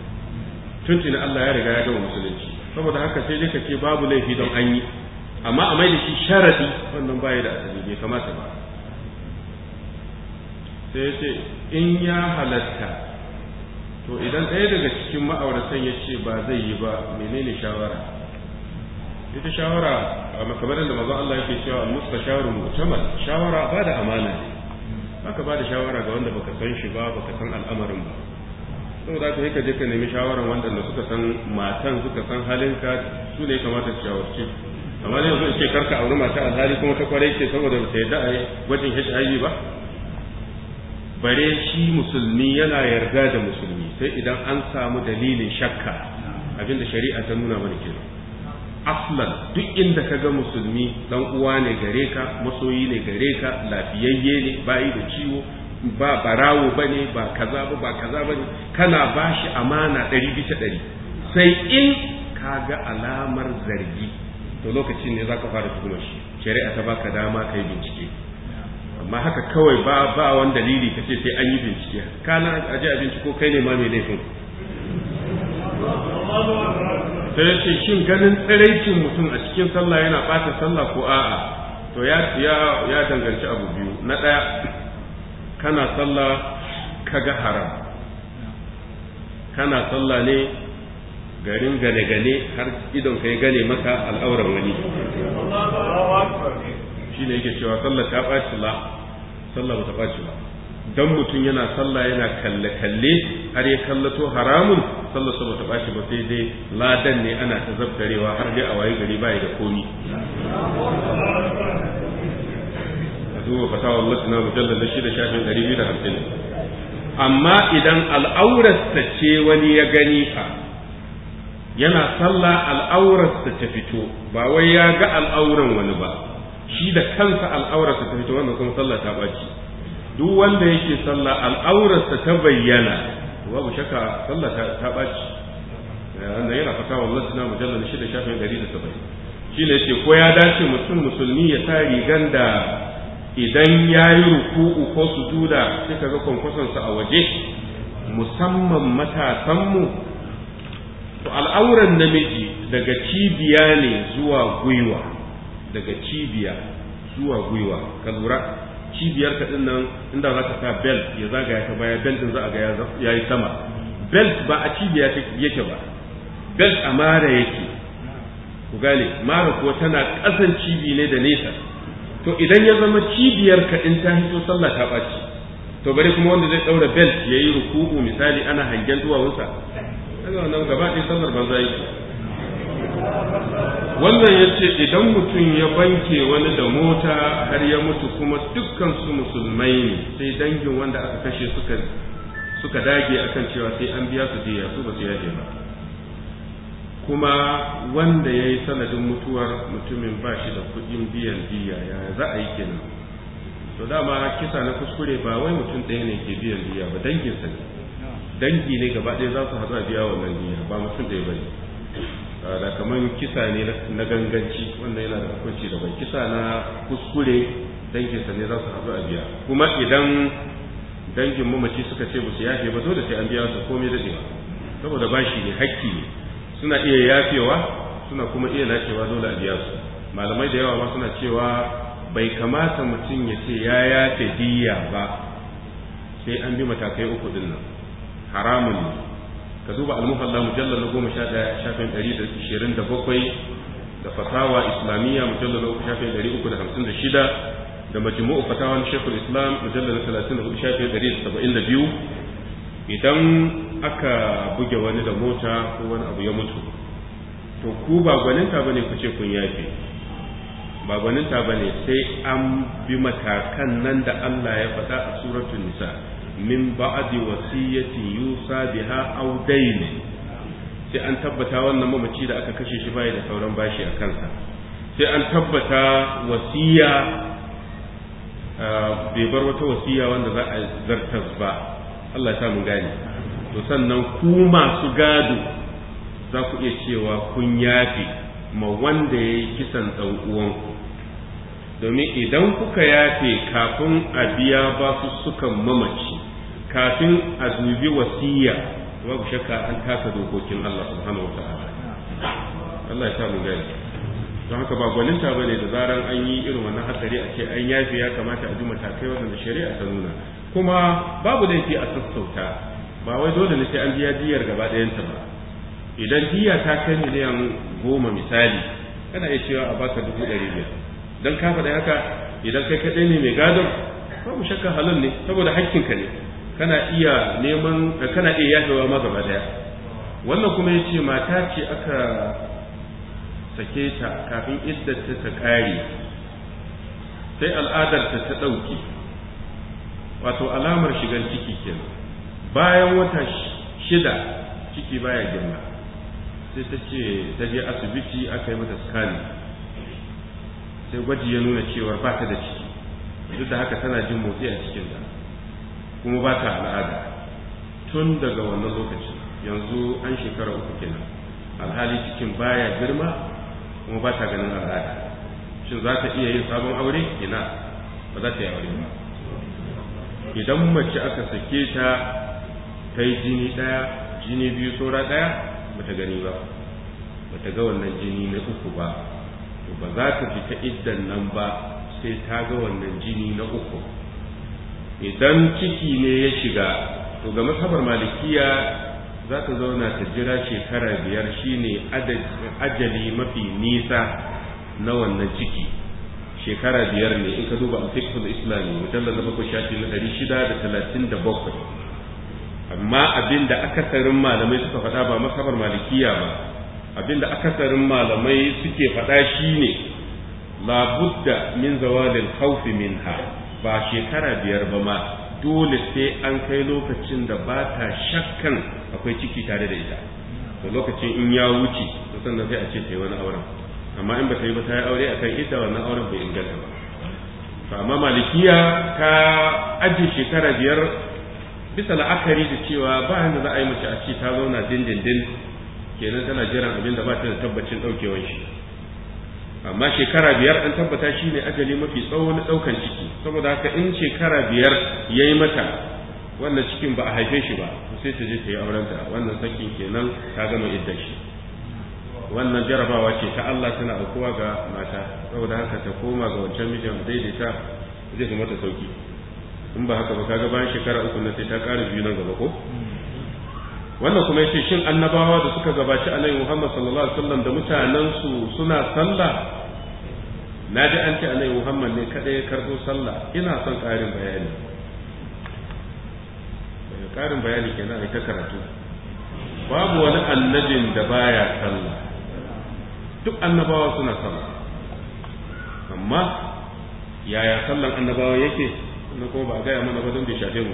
Speaker 2: tuntun Allah ya riga ya gama musulunci saboda haka sai dai ce babu laifi don an yi amma a mai shi sharadi wannan baya da asali bai kamata ba sai ya ce in ya halatta to idan ɗaya daga cikin ma'auratan ya ce ba zai yi ba menene shawara ita shawara a makamarin da mazan Allah yake cewa mustasharu mu'tamal shawara ba da amana ne haka ba da shawara ga wanda baka san shi ba baka san al'amarin ba da ka yi ka je ka nemi shawaran waɗanda suka san matan suka san halinka su ne kamata su shawarci amma dai yanzu ce karka auri mata alhali kuma ta kware ce saboda ba ta yadda a gwajin HIV ba bare shi musulmi yana yarda da musulmi sai idan an samu dalilin shakka abinda shari'a ta nuna mana kenan aslan duk inda ka ga musulmi dan uwa ne gare ka masoyi ne gare ka lafiyayye ne bayi da ciwo ba barawo ne, ba kaza ba ba kaza bane kana shi amana ɗari bisa ɗari sai in ka ga alamar zargi to lokacin ne za ka fara tuhumar shi shari'a ta ka dama ka yi bincike amma haka kawai ba ba wani dalili ka ce sai an yi bincike kana aje a binciko kai ne ma mai laifin Ta yace shin ganin tsiraicin mutum a cikin sallah yana ɓata sallah ko a'a to ya danganci abu biyu na ɗaya kana sallah kaga haram kana sallah ne garin gane-gane har idon ka yi gane maka al'auran wani shi ne yake cewa sallah ta ɓaci la sallah ba ta ɓaci ba dan mutum yana sallah yana kalle-kalle har ya kallato haramun sallah sa ba ta ɓaci ba sai dai ladan ne ana ta zabtarewa har dai a waye gari ba da komi duba fatawar lajina mujallar na shida shafin ɗari biyu da hamsin amma idan al'aurarsa ce wani ya gani fa yana sallah al'aurarsa ta fito ba wai ya ga al'auran wani ba shi da kansa al'aurarsa ta fito wannan kuma sallah ta baci duk wanda yake sallah al'aurarsa ta bayyana babu shakka sallah ta baci eh, wanda yana fatawa lajina mujallar na shida shafin ɗari da saba'in shi ne ce ko ya dace mutum musulmi ya sa rigan da idan ya yi ruku'u ko sujuda sai kaga kwankwasonsa a waje musamman matasanmu to al'auran namiji daga cibiya ne zuwa gwiwa daga cibiya zuwa gwiwa ka lura cibiyar ka din nan inda za ka sa belt ya zaga ta baya belt din za a ga ya yi sama belt ba a cibiya yake ba belt a mara yake ku gane mara kuwa tana ƙasan cibi ne da nesa to idan ya zama cibiyar ka in ta hito sallah ta baci to bare kuma wanda zai ɗaura belt ya yi ruku'u misali ana hangen wusa daga wannan gaba ɗaya sallar banza yi. wannan ya ce idan mutum ya banke wani da mota har ya mutu kuma dukkan su musulmai ne sai dangin wanda aka kashe suka suka dage akan cewa sai an biya su diya su ba su yaje ba kuma wanda ya yi sanadin mutuwar mutumin ba shi da kudin biyan diya ya za a yi kenan to dama kisa na kuskure ba wai mutum ɗaya ne ke biyan diya ba danginsa ne dangi ne gaba ɗaya za su haɗu a biya wannan diya ba mutum ɗaya ba ne da kamar kisa ne na ganganci wannan yana da hukunci da bai kisa na kuskure danginsa ne za su haɗu a biya kuma idan dangin mamaci suka ce ba su yafe ba dole sai an biya su komai daɗewa saboda shi ne hakki ne suna iya yafewa suna kuma iya lashewa dole a biya su malamai da yawa ma suna cewa bai kamata mutum ya ce ya yafe diya ba sai an bi matakai uku din nan haramun ne
Speaker 3: ka duba almuhalla mujallal na goma sha ɗaya shafin ɗari da ishirin da bakwai
Speaker 2: da fatawa islamiyya mujallar na uku shafin ɗari uku da hamsin da shida da majmu'u fatawan shekul islam mujallal na talatin da hudu shafin ɗari da saba'in da biyu idan aka buge wani da mota ko wani abu ya mutu to ku ba gwaninta ba ne ku ce kun yafe ba gwaninta ba ne sai an bi matakan nan da Allah ya faɗa a suratun nisa min ba'adi wasiyatin yusa biha aw dayn sai an tabbata wannan mamaci da aka kashe shi bai da sauran bashi a kansa sai an tabbata wasiya eh, bai bar wata wasiya wanda za a zartas ba Allah ya mun gane to sannan ku masu gado za ku iya cewa kun yafe ma wanda ya yi kisan ɗan uwanku domin idan kuka yafe kafin a biya ba su sukan mamaci kafin a zubi wasiya babu shakka an taka dokokin Allah subhanahu wa ta'ala Allah ya mun gane don haka ba gwaninta ba da zaran an yi irin wannan hatsari a ce an yafe ya kamata a ji matakai waɗanda shari'a ta nuna kuma babu laifi a sassauta ba wai dole ne sai an biya diyar gaba ɗayanta ba idan diya ta kai miliyan goma misali kana iya cewa a baka dubu ɗari biyar don ka faɗi haka idan kai kaɗai ne mai gadon babu shakka halal ne saboda ka ne kana iya neman kana iya yafewa ma gaba ɗaya wannan kuma ya ce mata ce aka sake ta kafin iddar ta ta ƙare sai al'adar ta ta ɗauke wato alamar shigar ciki kenan bayan wata shida ciki baya girma sai ta ce ta je asibiti aka yi mata skani sai gwaji ya nuna cewa ba ta da ciki duk da haka tana jin motsi a cikin da kuma ba ta al'ada tun daga wannan lokaci yanzu an shekara uku kenan alhali cikin baya girma kuma ba ta ganin al'ada shin za ta iya yin sabon aure ina ba za ta yi aure ba idan mace aka sake ta ta yi jini ɗaya jini biyu saura ɗaya ba ta gani ba ba ta ga wannan jini na uku ba ba za ta fita iddan nan ba sai ta ga wannan jini na uku idan ciki ne ya shiga to ga masabar malikiya za ta zauna ta jira shekara biyar shine ajali mafi nisa na wannan ciki shekara biyar ne in ka duba a fikhul islami mujallar na bakwai shafi na ɗari shida da talatin da bakwai amma abin da akasarin malamai suka faɗa ba masabar malikiya ba abin da akasarin malamai suke faɗa shine labudda min zawalin haufi min ha ba shekara biyar ba ma dole sai an kai lokacin da ba ta shakkan akwai ciki tare da ita to lokacin in ya wuce to sannan sai a ce ta yi wani auren amma in ba ta yi ba ta yi aure akan ita wannan auren bai inganta ba to amma malikiya ta ajiye shekara biyar bisa la'akari da cewa ba da za a yi mace a ce ta zauna dindindin kenan tana jiran abin da ba ta da tabbacin ɗaukewan shi amma shekara biyar an tabbata shi ne ajali mafi tsawo na ɗaukan ciki saboda haka in shekara biyar ya yi mata wannan cikin ba a haife shi ba sai ta je ta yi aurenta wannan sakin kenan ta gama iddar shi wannan jarabawa ce ta Allah tana aukuwa ga mata saboda haka ta koma ga wancan mijin daidaita zai fi mata sauki in ba haka ba kaga bayan shekara uku na sai ta ƙara biyu nan gaba ko wannan kuma yace shin annabawa da suka gabaci annabi Muhammad sallallahu alaihi wasallam da mutanen su suna sallah na ji an ce annabi Muhammad ne kada ya karbo sallah ina son ƙarin bayani ƙarin bayani kenan ai ta karatu babu wani annabin da baya sallah duk annabawa suna sallah amma yaya sallan annabawa yake na kuma ba a gaya mana ba don bai shafe mu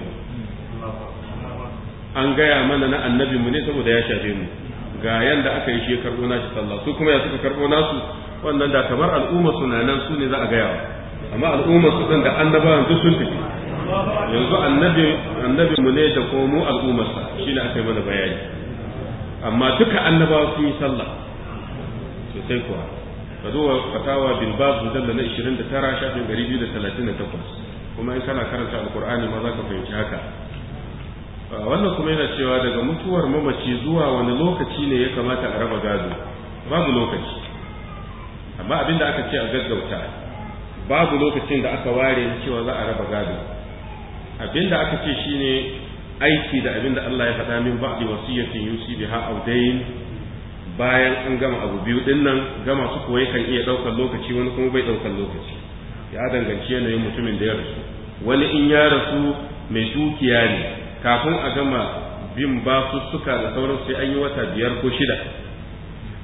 Speaker 2: an gaya mana na annabi mu ne saboda ya shafe mu ga yanda aka yi shi ya karbo nashi sallah su kuma ya suka karbo nasu wannan da kamar al'umma suna nan su ne za a gaya amma al'umma su dan da annabawan duk sun tafi yanzu annabi annabi mu ne da komo al'ummarsa shine aka yi mana bayani amma duka annabawa sun yi sallah sosai kuwa ka zo fatawa bin baz mujalla na 29 shafin 238 kuma in kana karanta alkur'ani ma za ka fahimci haka ah, wannan kuma yana cewa daga mutuwar mamaci zuwa wani lokaci ne ya kamata a raba gado babu lokaci amma abin da aka ce a gaggauta babu lokacin da aka ware cewa za a raba gado abin da aka ce shine aiki da abin da Allah ya faɗa min ba'di wasiyatin yusi biha dayn bayan an gama abu biyu din nan gama su kuwa kan iya ɗaukar lokaci wani kuma bai ɗaukar lokaci ya danganci yanayin mutumin da ya rasu wani in ya rasu mai dukiya ne kafin a gama bin basussuka da sauran sai an yi wata biyar ko shida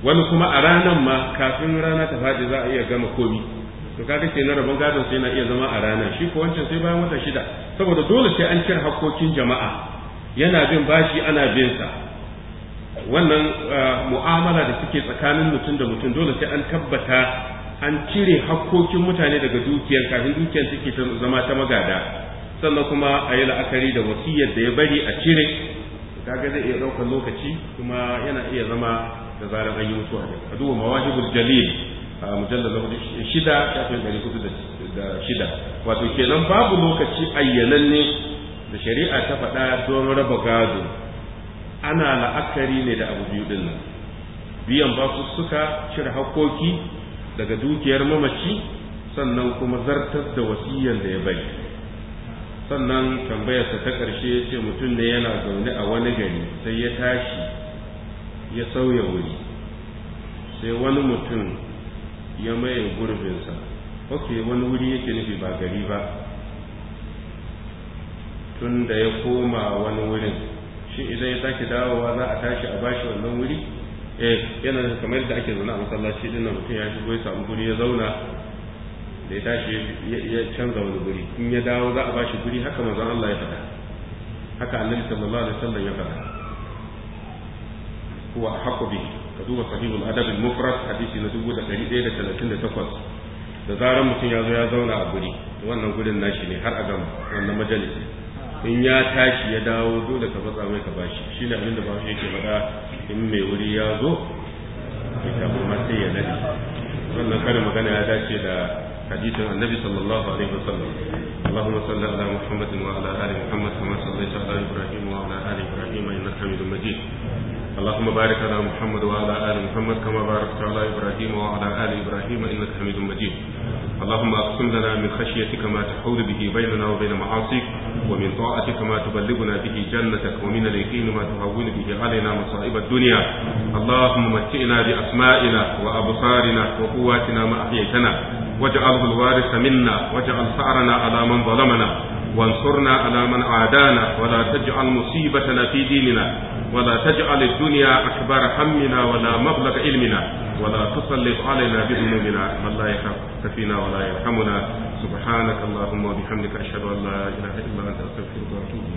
Speaker 2: wani kuma a ranar ma kafin rana ta faɗi za a iya gama komi to kaga ke na rabon gadon sai na iya zama a rana shi ko wancan sai bayan wata shida saboda dole sai an cire hakkokin jama'a yana bin bashi ana bin sa wannan uh, mu'amala da suke tsakanin mutum da mutum dole sai an tabbata an cire hakkokin mutane daga dukiyar kafin dukiyar take zama ta magada sannan kuma a yi la'akari da wasiyar da ya bari a cire kaga zai iya ɗaukar lokaci kuma yana iya zama da zarar an yi a da a duba mawajibul jalil a mujallar shida shafin ɗari hudu da shida wato kenan babu lokaci ayyananne da shari'a ta faɗa don raba gado ana la'akari ne da abu biyu din nan biyan basussuka cire hakoki daga dukiyar mamaci sannan kuma zartar da wasiyyar da ya bai sannan tambayarsa ta ƙarshe ya ce mutum ne yana zaune a wani gari sai ya tashi ya sauya wuri sai wani mutum ya maye gurbinsa ok wani wuri yake nufi ba gari ba tun da ya koma wani wurin shi idan ya sake dawowa za a tashi a bashi wannan wuri eh yana da kamar yadda ake zaune a masallaci din nan mutum ya shigo ya samu guri ya zauna da ya tashi ya canza wani guri in ya dawo za a bashi guri haka manzon Allah ya faɗa haka annabi sallallahu alaihi wasallam ya faɗa huwa haqqu bi ka duba al adab al mufrad hadisi na 1138 da zaran mutum ya zo ya zauna a guri wannan gurin nashi ne har a gama wannan majalisi in ya tashi ya dawo dole ka fasa mai ka bashi shi ne abinda da ba yake faɗa in mai wuri ya zo ya kuma sai ya nadi wannan kada magana ya dace da hadisin annabi sallallahu alaihi wasallam اللهم صل على محمد وعلى ال محمد كما صليت على ابراهيم وعلى ال ابراهيم انك حميد مجيد اللهم بارك على محمد وعلى ال محمد كما باركت على ابراهيم وعلى ال ابراهيم انك حميد مجيد اللهم اقسم لنا من خشيتك ما تحول به بيننا وبين معاصيك ومن طاعتك ما تبلغنا به جنتك ومن اليقين ما تهون به علينا مصائب الدنيا اللهم متئنا باسمائنا وابصارنا وقواتنا ما احييتنا واجعله الوارث منا واجعل ثارنا على من ظلمنا وانصرنا على من عادانا ولا تجعل مصيبتنا في ديننا ولا تجعل الدنيا اكبر همنا ولا مبلغ علمنا ولا تسلط علينا بذنوبنا من لا يخافك فينا ولا يرحمنا سبحانك اللهم وبحمدك أشهد أن لا إله إلا أنت أستغفرك وأتوب